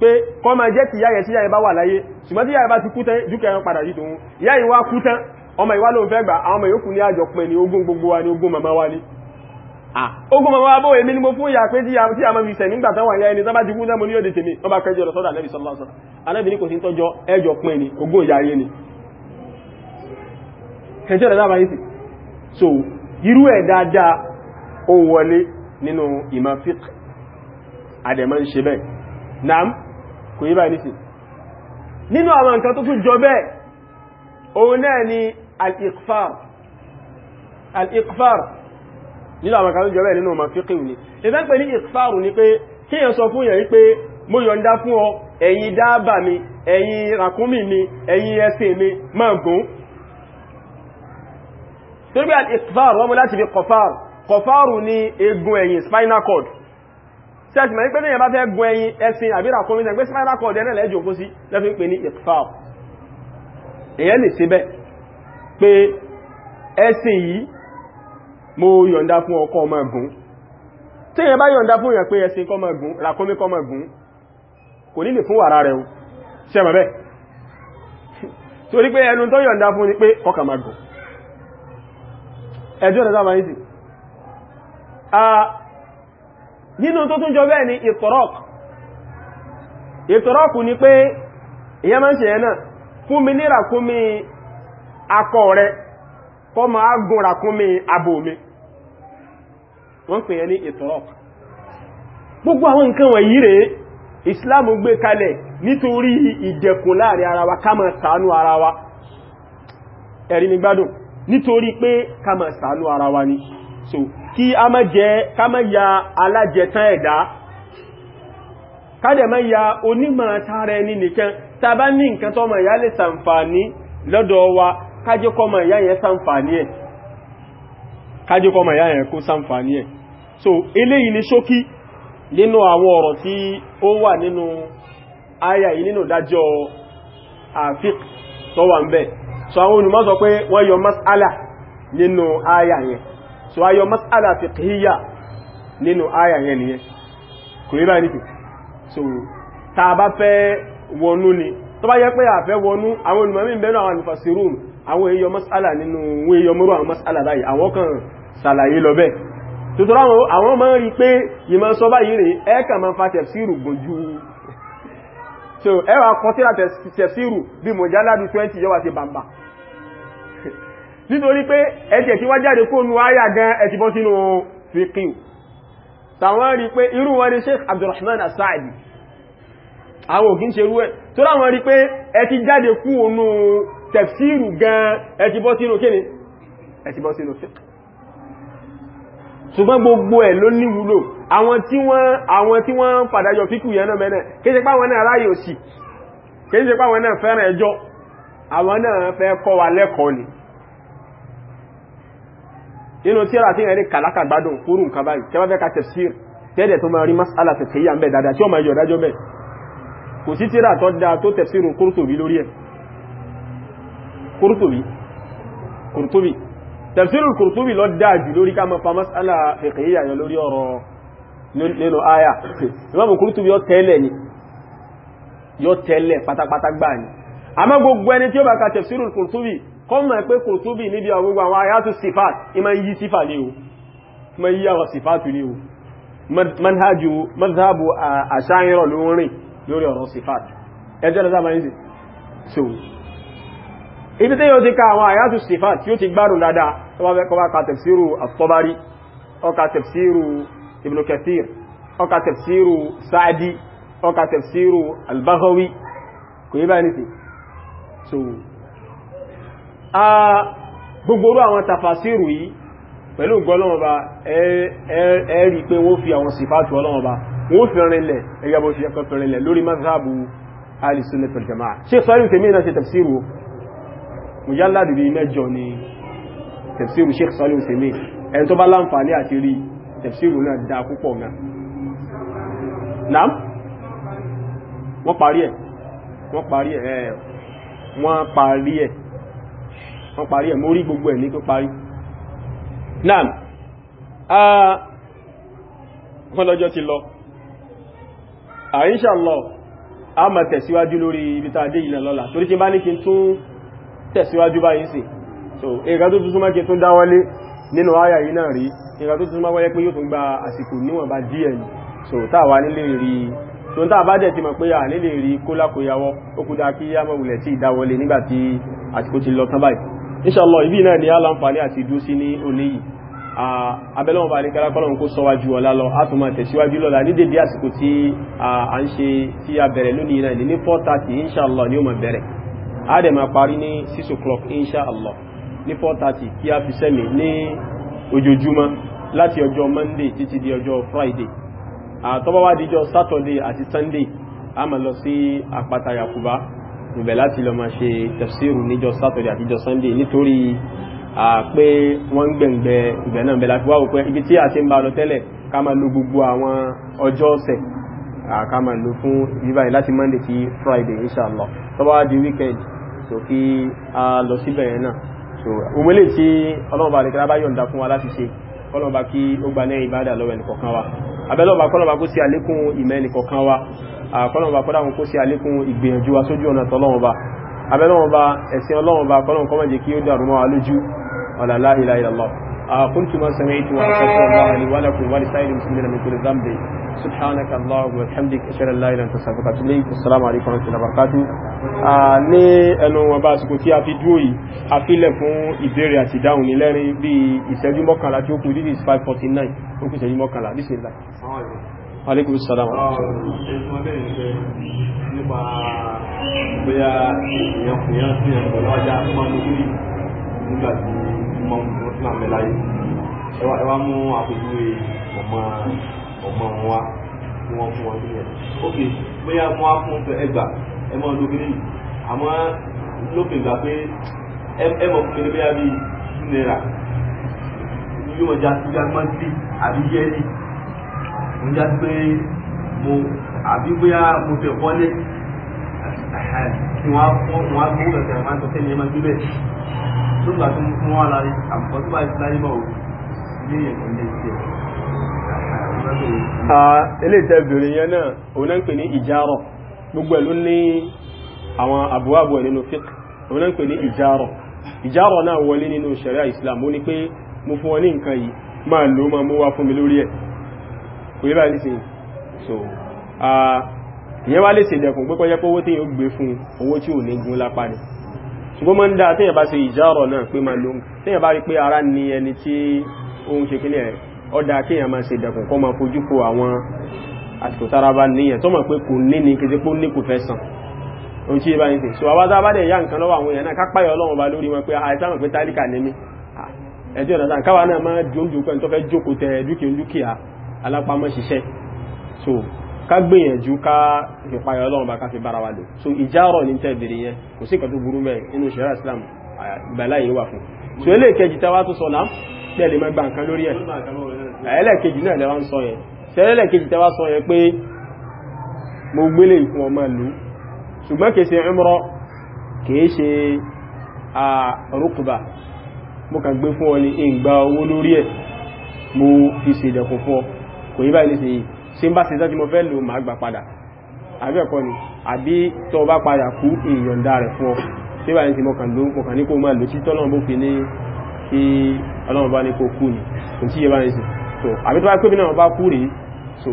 Speaker 1: pé kọ́ máa jẹ́ ti yáyẹ tí yáyẹ bá wà láyé ṣùgbọ́n tí yáyẹ bá ti kú tán dúkìá ẹran padà yìí tòun yáyẹ wá kú tán ọmọ ìwá ló ń fẹ́ gbà àwọn ọmọ yòókù ní àjọ pin ní ogún gbogbo wa ní ogún màmá wa ní ogún màmá wa bóyá èmi ni mo fún ìyá pé tí a máa fi sẹ̀ nígbà tán wà ní ẹni tán bá ti kú tán mo ní òde tèmi wọ́n bá kẹjọ lọ sọ́dọ̀ Ànábì ni kẹjọ rẹ̀ àdẹ̀mọ́ ń ṣe bẹ́ẹ̀ naam kò yí bá ní sí nínú àwọn nǹkan tó tún jọ bẹ́ẹ̀ òun náà ni al-iqfar al nínú àwọn nǹkan tó jọ bẹ́ẹ̀ nínú ọmọ fíkì ní ìfẹ́ pẹ̀ ní iqfar ni pé kí yẹn sọ fún yẹn pé mo yọ̀ǹda fún ọ ẹ̀yin dáàbà mi ẹ̀yin ràkúnmí mi ẹ̀yin ẹsẹ̀ mi máa gùn torí bí al-iqfar wọ́n mú láti fi kọfàr kọfàrù ni egun ẹ̀yìn spinal cord sẹ́sìmọ̀ ní pé ní ẹ̀bá fẹ́ gun ẹyin ẹṣin àbíra kún mítẹ̀ pé spinal cord ẹ̀nà lẹ́jọ kó sí lẹ́fí pè ní ìfàọ̀ èyẹ́ lè ṣe bẹ́ẹ̀ pé ẹṣin yìí mo yọ̀nda fún ọkọ̀ ọmọ ẹ̀gùn tí èyẹ bá yọ̀nda fún ìyàn pé ẹṣin kọmọ ẹ̀gùn ràkúnmí kọmọ ẹ̀gùn kò ní lè fún wàrà rẹ̀ ṣẹ́mọ̀ nínú tó tún jọ bẹ́ẹ̀ ni ìtọ̀rọ̀kù ìtọ̀rọ̀kù ni pé ìyẹn máa ń ṣe ẹ̀nà fún mi ní ràkúnmí akọ rẹ kọ́ máa gùn ràkúnmí abo mi wọ́n pè yẹn ní ìtọ̀rọ̀kù gbogbo àwọn nǹkan wọ̀nyí rèé Islam gbé kalẹ̀ nítorí ìdẹ̀kùn láàrin ara wa ká máa ara wa ẹ̀rí gbádùn nítorí pé kama máa ara wa ni so kí a má jẹ́ ká má ya alájẹtán ẹ̀dá kádẹ̀ má ya onímọ̀ tààrà ẹni nìkan tàbá ní nǹkan tó mọ̀ ya lè sàǹfààní lọ́dọ̀ wa kájẹ́kọ́ mọ̀ ìyá yẹn sàǹfààní ẹ̀ kájẹ́kọ́ mọ̀ ìyá yẹn kó sàǹfààní ẹ̀ so eléyìí ni ṣókí nínú àwọn ọ̀rọ̀ tí ó wà nínú aya yìí nínú dájọ́ àfík tó wà ń bẹ̀ so àwọn olùmọ́ sọ pé wọ́n yọ mas'ala nínú aya yẹn so ayọ mas'ala fiqhiyya nínú àyà yẹn nìyẹn kò rí bá ní so ta bá fẹ́ wọnú ni tó bá yẹ pé a fẹ́ wọnú àwọn olùmọ̀ mí bẹ́nu àwọn mufassirun àwọn èyọ mas'ala nínú wọ́n èyọ mọ́rọ̀ àwọn mas'ala láyé àwọn kan sàlàyé lọ bẹ́ẹ̀ tuntun àwọn àwọn ọmọ rí pé ìmọ̀ sọ báyìí rẹ̀ ẹ́kà ma fa tẹ̀fsíìrù gùn jù so ẹwà kọtíra tẹ̀fsíìrù bí mọ̀jáládù 20 yọ́wà ti Bamba nítorí pé ẹ̀tẹ̀ tí wá jáde kó nú ayà gan ẹ̀tì bọ́ sínú fíkíù tàwọn rí pé irú wọn ni Sheikh Abdulrahman As-Sa'di àwọn òkín ṣe rú ẹ̀ tó láwọn rí pé ẹ̀tì jáde kú nú tafsiru gan ẹ̀tì bọ́ sínú kíni ẹ̀tì bọ́ sínú fíkíù ṣùgbọ́n gbogbo ẹ̀ ló ní wúlò àwọn tí wọ́n àwọn tí wọ́n fàdájọ fíkù yẹn náà mẹ́nà kéṣe páwọn náà ráyè òsì kéṣe páwọn náà fẹ́ràn ẹjọ́ àwọn náà fẹ́ kọ́ wa lẹ́kọ̀ọ́ ni inú tíra tí ẹ̀rí kàlákà gbádùn fúrù nǹkan báyìí tẹ́wàá fẹ́ ka tafsir tẹ́ẹ̀dẹ̀ tó máa rí masala tẹ̀sí yà ń bẹ̀ dáadáa tí ó máa yọ dájọ́ bẹ̀ kò sí tíra tó da tó tafsiru Qurtubi lórí ẹ̀ Qurtubi Qurtubi tafsiru Qurtubi lọ dáa lórí ká máa fa masala tẹ̀sí yà lórí ọ̀rọ̀ aya ìmáàmù Qurtubi yọ ni yọ tẹ́lẹ̀ pátápátá gbáà ni àmọ́ gbogbo ẹni tí ó kọ́mọ̀ pé kò tó bí níbi àwọn àwọn ayátù sifat ima yí sífà ní o ma yí àwọn sifatu ní o manhajú mazhabu a ṣáyírọ̀ lórin lórí ọ̀rọ̀ sifat ẹjọ́ da zama yìí so ibi tí yóò ti ka àwọn ayátù sifat yóò ti gbárùn dáadáa tó bá fẹ́ kó bá ka tafsiru at-Tabari ó ka tafsiru Ibn Kathir ó ní so gbogbo orú àwọn tafasiru yìí pẹ̀lú gọ́lọ́wọ́ba ẹ̀rí pé wọ́n fi àwọn sìfàtù ọlọ́wọ́ba wọ́n fi rinlẹ̀ ẹgbẹ́ bó ṣe ẹ̀kọ́ fi rinlẹ̀ lórí mazhabu alìsúnlẹ̀ pẹ̀lẹ̀mà ṣe sọ́rí tèmí náà ṣe tafsiru mujalladu bí mẹ́jọ ni tafsiru Sheikh Salihu tèmí ẹni tó bá láǹfààní àti rí tafsiru náà dá púpọ̀ gan nam wọ́n parí ẹ̀ wọ́n parí ẹ̀ wọ́n parí ẹ̀ wọ́n parí ẹ̀ mórí gbogbo ẹ̀ ní tó parí náà wọ́n lọ́jọ́ ti lọ inshallah a máa tẹ̀síwájú lórí ibi tá a dé ìlẹ̀ lọ́la torí tí bá ní kí n tún tẹ̀síwájú báyìí sí so ẹ̀ka tó túnmọ́ kí n tún dáwọ́lé nínú àyà yìí náà rí ẹ̀ka tó túnmọ́ wáyé pé yóò tún gba àsìkò níwọ̀n bá díẹ̀ so táàwà nílé rí tó ń táàbá dẹ̀ ti mọ̀ pé à nílé rí kólákòyàwó ó kú kí yá mọ̀ wùlẹ̀ tí ìdáwọlé nígbà tí ti lọ tán báyìí inshallah ibi náà ni aláǹfààní àti ìdú sí ní olè yìí abẹ́lọ́wọ̀n bá ní kárákọ́lọ́wọ́n kó sọwájú ọ̀la lọ átùmọ̀ tẹ̀síwájú lọ́la ní dédé àsìkò tí a ń ṣe tí a bẹ̀rẹ̀ lónìí náà ní 4:30 inshallah ni ó mọ̀ bẹ̀rẹ̀ a dẹ̀ máa parí ní 6 o'clock inshallah ní 4:30 kí a fi sẹ́mi ní ojoojúmọ́ láti ọjọ́ monday títí di ọjọ́ friday àtọ́bọ́wá díjọ́ saturday àti sunday a máa lọ sí àpáta yakuba ibẹ̀ láti lọ máa ṣe tafsiru níjọ Saturday àtijọ́ Sunday nítorí pé wọ́n gbẹ̀ngbẹ̀ ibẹ̀ náà bẹ̀ láti wáwò pé ibi tí a ṣe ń bá lọ tẹ́lẹ̀ ká máa lo gbogbo àwọn ọjọ́ ọ̀sẹ̀ ká máa lo fún ibáyìí láti Monday sí Friday inshallah tó bá di weekend so kí a lọ síbẹ̀ yẹn náà so òmìnlè tí ọlọ́ọ̀bà àdìkẹ́lá bá yọ̀ǹda fún wa láti ṣe kọ́lọ̀ọ̀bà kí ó gba ní ìbádà lọ́wọ́ ẹnìkọ̀ọ̀kan wa abẹ́lọ́ọ̀bà kọ́lọ̀ọ̀bà kó sí àlékún ìmẹ́ ẹnìkọ̀ọ̀kan wa àkọ́lọ̀wọ̀ba kọ́láwọn kó sí alékún ìgbìyànjú asójú ọ̀nà tọ́lọ́wọ̀ba abẹ́lọ́wọ̀ba ẹ̀sìn ọlọ́wọ̀ba kọ́lọ̀wọ̀n kọ́mọ̀ jẹ́ kí ó dàrú mọ́ alójú ọ̀là la ilaha illallah قلت ما سمعت وأستغفر الله لي ولكم ولسائر المسلمين من كل ذنب سبحانك اللهم وبحمدك أشهد أن لا إله إلا أنت أستغفرك وأتوب إليك والسلام عليكم ورحمة الله وبركاته ní ẹnu ọba àsìkò tí a fi dúró yìí a fílẹ̀ fún ìbéèrè àti ìdáhùn ní lẹ́rin bí ìṣẹ́jú mọ́kànlá tí ó kù dídí 549 ó kù ìṣẹ́jú mọ́kànlá bísmillah alaikum salam ẹwà mú àpèjúwe ọmọ ọmọ wa tí wọ́n fún ọdún yẹn ok bóyá wọ́n á fún ẹgbà ẹmọ ọdún kìíní àmọ́ lókè gbà pé ẹmọ fún mi ní bóyá bíi náírà yóò já sí jágbọ́n sí àbí yẹ́lì mo já pé mo àbí bóyá mo fẹ́ kọ́lé tí wọ́n á fọ́ wọ́n á gbówó kẹ̀kẹ́ máa ń sọ sẹ́ni ẹ máa gbé bẹ́ẹ̀ tó gbà tó ń fún wọn lára àmọ́ tó bá ti láyé bá o ilé yẹn kò lè tiẹ̀. ilé ìtẹ́ bèrè yẹn náà òun náà ń pè ní ìjárọ̀ gbogbo ẹ̀ ló ní àwọn àbúwàbọ̀ nínú fíkì òun náà ń pè ní ìjárọ̀ ìjárọ̀ náà wọlé nínú ṣẹ̀ríà Islam ní pé mo fún wọn ní nǹkan yìí máa lò máa mú wá fún mi lórí ẹ̀ kò yíba ní sin so ìyẹn wá lè ṣe ìdẹ̀kùn pé kọjẹ́ pọ́wọ́ tí yóò gbé fún owó tí ò ní gún lápá ni ṣùgbọ́n mọ́ ń dá tẹ́yẹ̀ bá ṣe ìjárọ̀ náà pé máa lóhun tẹ́yẹ̀ bá rí pé ara ní ẹni tí ó ń ṣe kílẹ̀ ọdá kéèyàn so àwọn bá dẹ̀ yá nǹkan lọ́wọ́ àwọn èèyàn náà kápáyọ̀ ọlọ́run bá lórí wọn pé àìsàn pé tálíkà ní mi ẹjọ́ ìrọ̀dá káwa náà máa jókòó tẹ alápamọ́ ṣiṣẹ́ so ká gbìyànjú ká ìpayà ọlọ́run bá ká fi bára wa lò so ìjárọ̀ ní tẹ́bìrì yẹn kò sí ìkàtó burú mẹ́ inú ṣẹ̀rá Islam ìgbàláyé wà fún so ẹlẹ́ẹ̀kejì tẹ́wà tó sọ̀lá tẹ́lẹ̀ mẹ́gbà nǹkan lórí ẹ̀ ẹlẹ́ẹ̀kejì náà lẹ́wà ń sọ yẹn tẹ́lẹ̀kejì tẹ́wà sọ yẹn pé mo gbélé ìfún ọmọ ìlú ṣùgbọ́n kìí ṣe ẹmọ́rọ̀ fún ọ kò yí báyìí nísìnyí ṣe ń bá ṣe tọ́jú mo fẹ́ lò máa gbà padà àbí ẹ̀kọ́ ni àbí tọ́ bá padà kú ìyọ̀ǹda rẹ̀ fún ọ ṣe báyìí nísìnyí mọ̀kàn ló so àbí tó bá pé so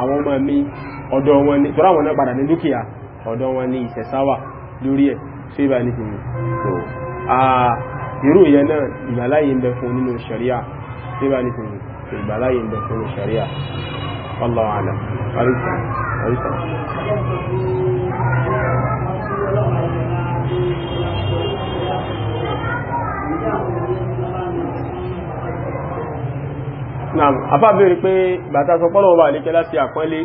Speaker 1: àwọn ọmọ mi ọ̀dọ̀ wọn ni tọ́ra wọn náà padà ní dúkìá ọ̀dọ̀ so irú ìyẹn náà ìgbàláyé ń bẹ fún nínú ṣẹ̀ríà ṣe báyìí nísìnyí tó ìgbàláyè ń bẹ fún ìṣẹ̀ríà Allahu a'lam àríkà àríkà. naam afá bèèrè pé bàtà sọ pọ́lọ̀ wà lékẹ́ láti àpọ́nlé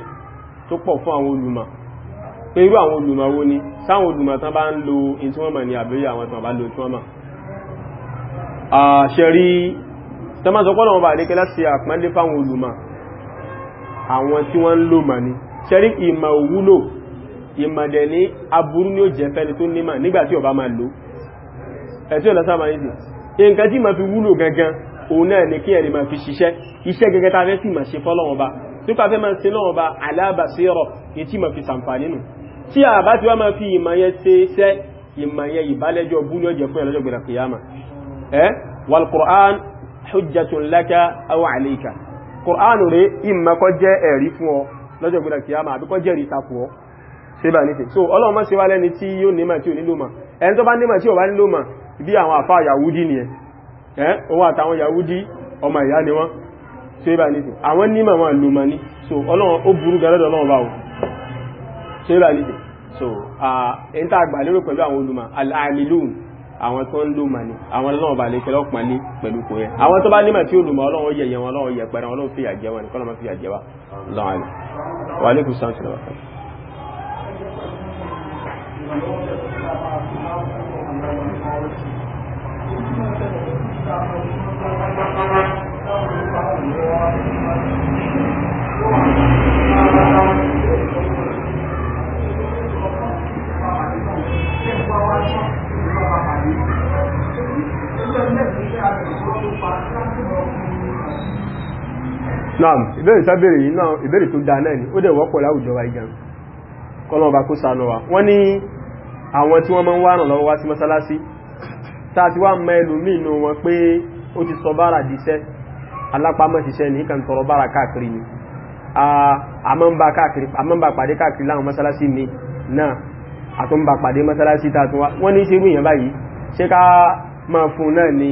Speaker 1: tó pọ̀ fún àwọn olùmọ̀ pé irú àwọn olùmọ̀ wo ni sáwọn olùmọ̀ tán bá ń lo in ní àbẹ́yà àwọn tán lo tí tó máa sọpọ́lọ̀ wọn bá lè kẹ́lá sí àpẹ́lẹ́ fáwọn olùmọ̀ àwọn tí wọ́n ń lò mà ní ṣẹ́rí ìmọ̀ òwúlò ìmọ̀dẹ̀ ní aburú ní ó jẹ́ fẹ́ni tó nímọ̀ nígbàtí ọba máa lò ẹ̀tí ọ̀lá sábà ní sí nǹkan tí ma fi wúlò gangan òun náà ni kí ẹ̀rì ma fi ṣiṣẹ́ iṣẹ́ gẹ́gẹ́ ta fẹ́ sì ma ṣe fọ́lọ́wọ́n ba nípa ma ṣe wal Qur'an hujjatun laka aw alayka Qur'an rẹ̀ imma kó jẹ́ ẹ̀rí fún ọ lọ́jọ́ gbọ́dọ̀ kìyàmà àbí kó jẹ́ ẹ̀rí takù ọ ṣe bá nífẹ̀ẹ́ so ọlọ́run mọ́ sí wá lẹ́ni tí yóò nímọ̀ tí ò nílò mọ̀ ẹni tó bá nímọ̀ tí ò bá nílò mọ̀ bí àwọn àfá yahudi ni ẹ̀ òun àtàwọn yahudi ọmọ ìyá ni wọ́n ṣe bá nífẹ̀ẹ́ àwọn nímọ̀ wọn lò mọ̀ ní so ọlọ́run ó burú gẹ́rẹ́dọ̀ ọlọ́run bá wọn ṣe bá nífẹ̀ẹ́ so ẹni tá àgbà lérò pẹ̀lú àwọn olùmọ̀ al-amilun àwọn tó ń lùmọ̀ ni àwọn ọlọ́wọ́ bá lè kẹ́lọ́ pọ̀nlé pẹ̀lú kò yẹ àwọn tó bá nímọ̀ tí ó lùmọ̀ ọlọ́wọ́ yẹ yẹ wọn ọlọ́wọ́ yẹ pẹ̀rẹ̀ ọlọ́wọ́ fìyà jẹ wọn nìkan lọ́mọ fìyà jẹ wa lọ́wọ́ wa alaikum salam sílẹ̀ wà Thank you. naam ìbéèrè tábèrè yìí náà ìbéèrè tó dáa náà ni ó dẹ̀ wọ́pọ̀ láwùjọ wa igan kọ́lọ̀ ọba kó ṣàánú wa wọ́n ní àwọn tí wọ́n máa ń wá ràn lọ́wọ́ wá sí mọ́sálásí táà ti wá mọ́ ẹlòmíì nínú wọn pé ó ti sọ bára díṣẹ́ alápámọ́ ṣiṣẹ́ ní ìkàn tọrọ bára káàkiri ni àmọ́mbà pàdé káàkiri láwọn mọ́sálásí mi náà àtúnbà pàdé mọ́sálásí tààtúnwá wọ́n ní ṣe rú ìyàn báyìí ṣe ká máa fún náà ni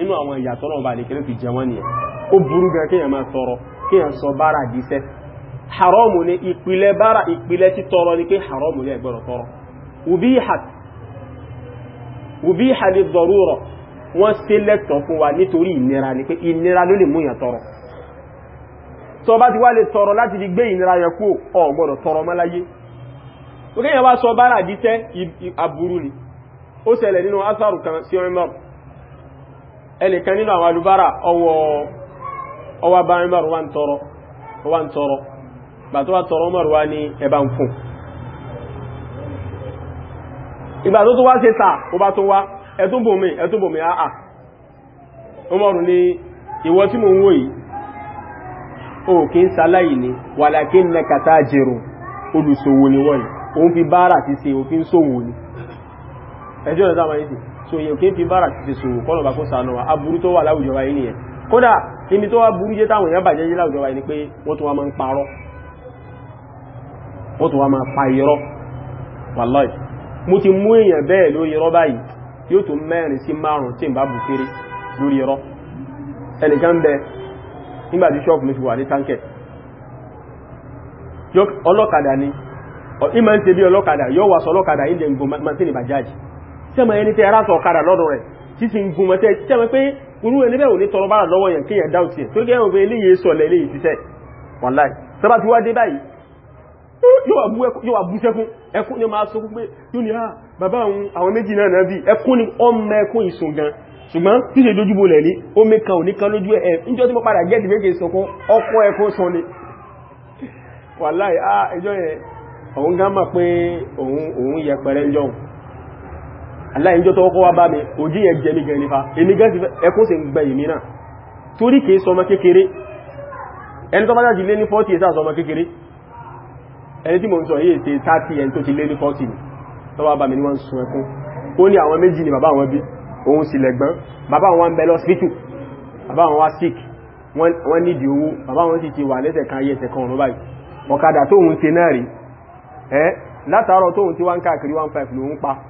Speaker 1: nínú àwọn ìyà tọ́lọ́run bá lè kéré fi jẹ wọ́n nìyẹn ó burú gan kéèyàn máa tọrọ kéèyàn sọ bára díṣẹ́ haramu ni ìpìlẹ̀ bára ìpìlẹ̀ tí tọrọ ni pé haramu ni ẹgbẹ̀rọ tọrọ ubiha li darura wọ́n ṣe lẹ́tọ̀ fún wa nítorí ìnira ni pé ìnira ló lè mú yàn tọrọ tó bá ti wá lè tọrọ láti fi gbé ìnira yẹn kú ò tọrọ mọ́ láyé ó wá sọ bára díṣẹ́ aburú ni ó ṣẹlẹ̀ nínú asaru kan sí ọmọ ẹnìkan nínú àwọn alubára ọwọ́ bá Umar wá ń tọrọ wá ń tọrọ bà tó wá tọrọ Umar wá ní ẹba ń fún ìgbà tó tó wá ṣe sáà ó bá tó wá ẹtún bòmí ẹtún bòmí àà Umar ní ìwọ tí mo ń ẹjọ́ ìdámáyé sí so èyàn kí fi barak ti fi sòwò kọ́lọ̀ bá kó sànà wa aburú tó wà láwùjọ wa yìí nìyẹn kódà níbi tó wá burú wa ni pe wọ́n tún wá máa ń parọ́ wọ́n tún wá pa irọ́ wàláì mo ti mú èèyàn bẹ́ẹ̀ lórí irọ́ báyìí yóò tún mẹ́rin sí márùn-ún n bá bù kéré lórí irọ́ ẹnìkan mi fi ni tẹ́mọ̀ ẹni tẹ́ rásọ ọ̀kadà lọ́dọ̀ rẹ̀ tí sì ń gúnmọ̀ tẹ́ tẹ́mọ̀ pé irú ẹni bẹ́ẹ̀ ò ní tọrọ bára lọ́wọ́ yẹn kíyàn dáùtì ẹ̀ tó gẹ́rùn pé eléyìí sọ̀lẹ̀ eléyìí ṣiṣẹ́ wàláì tọ́bá ti wá dé báyìí yóò wà bú sẹ́kún ẹkún ni máa sọkún pé yóò ní ah, bàbá òun àwọn méjì náà náà bí ẹkún ni ọmọ ẹkún ìsùn gan ṣùgbọ́n tí ṣe dójúbo lẹ̀ ní omi kan ò ní kan lójú ẹ̀ níjọ́ tí mo padà gẹ́ẹ̀tì méje sọkún ọkọ̀ ẹkún sọ ni wàláì ah, ẹjọ́ yẹn òun gá mọ̀ pé òun yẹpẹrẹ ń jọun aláìjọ́ tó kọ́ wá bá mi òjí yẹ jẹ mi gan nípa èmi gan ti ẹkún sí gbẹ ìmì náà torí kìí sọmọ kékeré ẹni tó bá jáde lé ní 40 èsà sọmọ kékeré ẹni tí mo ń sọ yìí ṣe 30 ẹni tó ti lé ní 40 tó bá bá mi ní wọ́n sun ẹkún ó ní àwọn ni bàbá àwọn bí òun sì lẹ̀gbọ́n bàbá àwọn ń bẹ lọ síkítù bàbá wá sick wọ́n nídìí owó bàbá àwọn sì ti wà lẹ́sẹ̀ kan ayé ẹsẹ̀ kan ọ̀nà báyìí ọ̀kadà tóun ṣe náà rí ẹ́ látàárọ̀ tóun ń káàkiri 15 lòun pa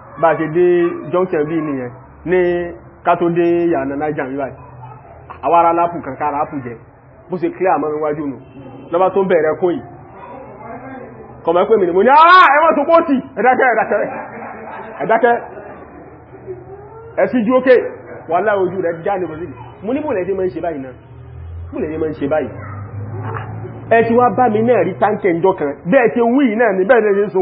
Speaker 1: bá ṣe dé junction bí nìyẹn ní kátó dé yànà niger ní báyìí àwọn ará lápù kankan lápù jẹ bó ṣe clear àmọ́ níwájú nù lọ́ba tó ń bẹ̀rẹ̀ kó yìí kọ̀mọ̀ pé mi mo ní ara ah, ẹwọ́n tó pọ́tì ẹ̀dákẹ́ ẹ̀síjú ókè wà láojú rẹ̀ já mo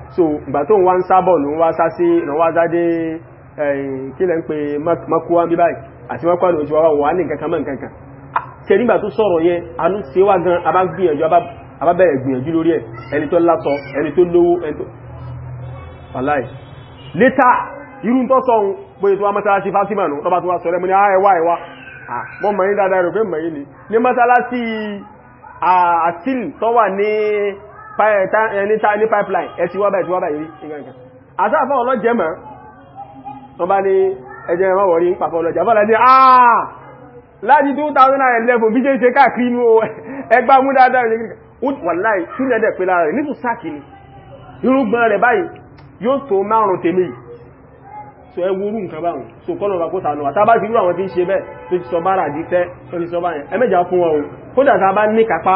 Speaker 1: so ìgbà tó ń wá ń sábọ̀ ló ń wá sá sí ìrànwájáde eh, kí lẹ́ ń pe makuwa bí báyìí àti makuwa ló ti wá wà ní nǹkan mọ́ nǹkan kan ah, ṣe nígbà tó sọ̀rọ̀ yẹn anú ṣe wá gan abá gbìyànjú abá bẹ̀rẹ̀ gbìyànjú lórí ẹ̀ ẹni tó látọ̀ ẹni tó lówó ẹni tó wàláì létà irú tó sọ ohun pé tó wá mọ́sálásí fásimà nù tọ́ba tó wá sọ̀rọ̀ mọ́ ní ẹwà ẹwà mọ́ mọ̀ yín ẹni tá ní pipeline ẹ̀sì wọ́bà ẹ̀sì wọ́bà yìí ìgbẹ̀ǹkan àtàfà ọlọ́jẹ́ mọ́ wọ́n bá ní ẹjẹ́ ẹmọ́ wọ̀rí ń pàfà ọlọ́jẹ́ bọ́lá ní àà láti 2011 bí jẹ́ ṣe káàkiri inú ẹgbà mú dáadáa wàláì ṣúlẹ̀dẹ̀ pé lára rẹ̀ nítù sáàkì ni irúgbọ́n rẹ̀ báyìí yóò tó márùn tèmi so ẹ wúrú nǹkan báwọn so kọ́nà ọba kó sànù àtàbá ti rú àwọn tí ń ṣe bẹ́ẹ̀ tó ti sọ bára àdífẹ́ tó ti sọ báyẹn ẹmẹ́jà fún wọn o kódà tá a bá ní kápá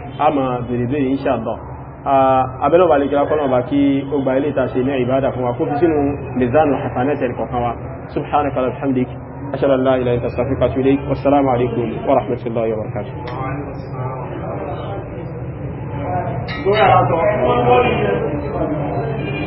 Speaker 1: a máa bèèrè bèèrè inṣàlá abẹ́lọ́bà lè kíra kọ́lọ̀bà kí ó gba ilé ìtàṣe ní ìbádà fún wa kó fi sínú mizanu hasanẹ́tẹ̀ kọ̀kan wa subhanaka alhamdik
Speaker 2: ashhadu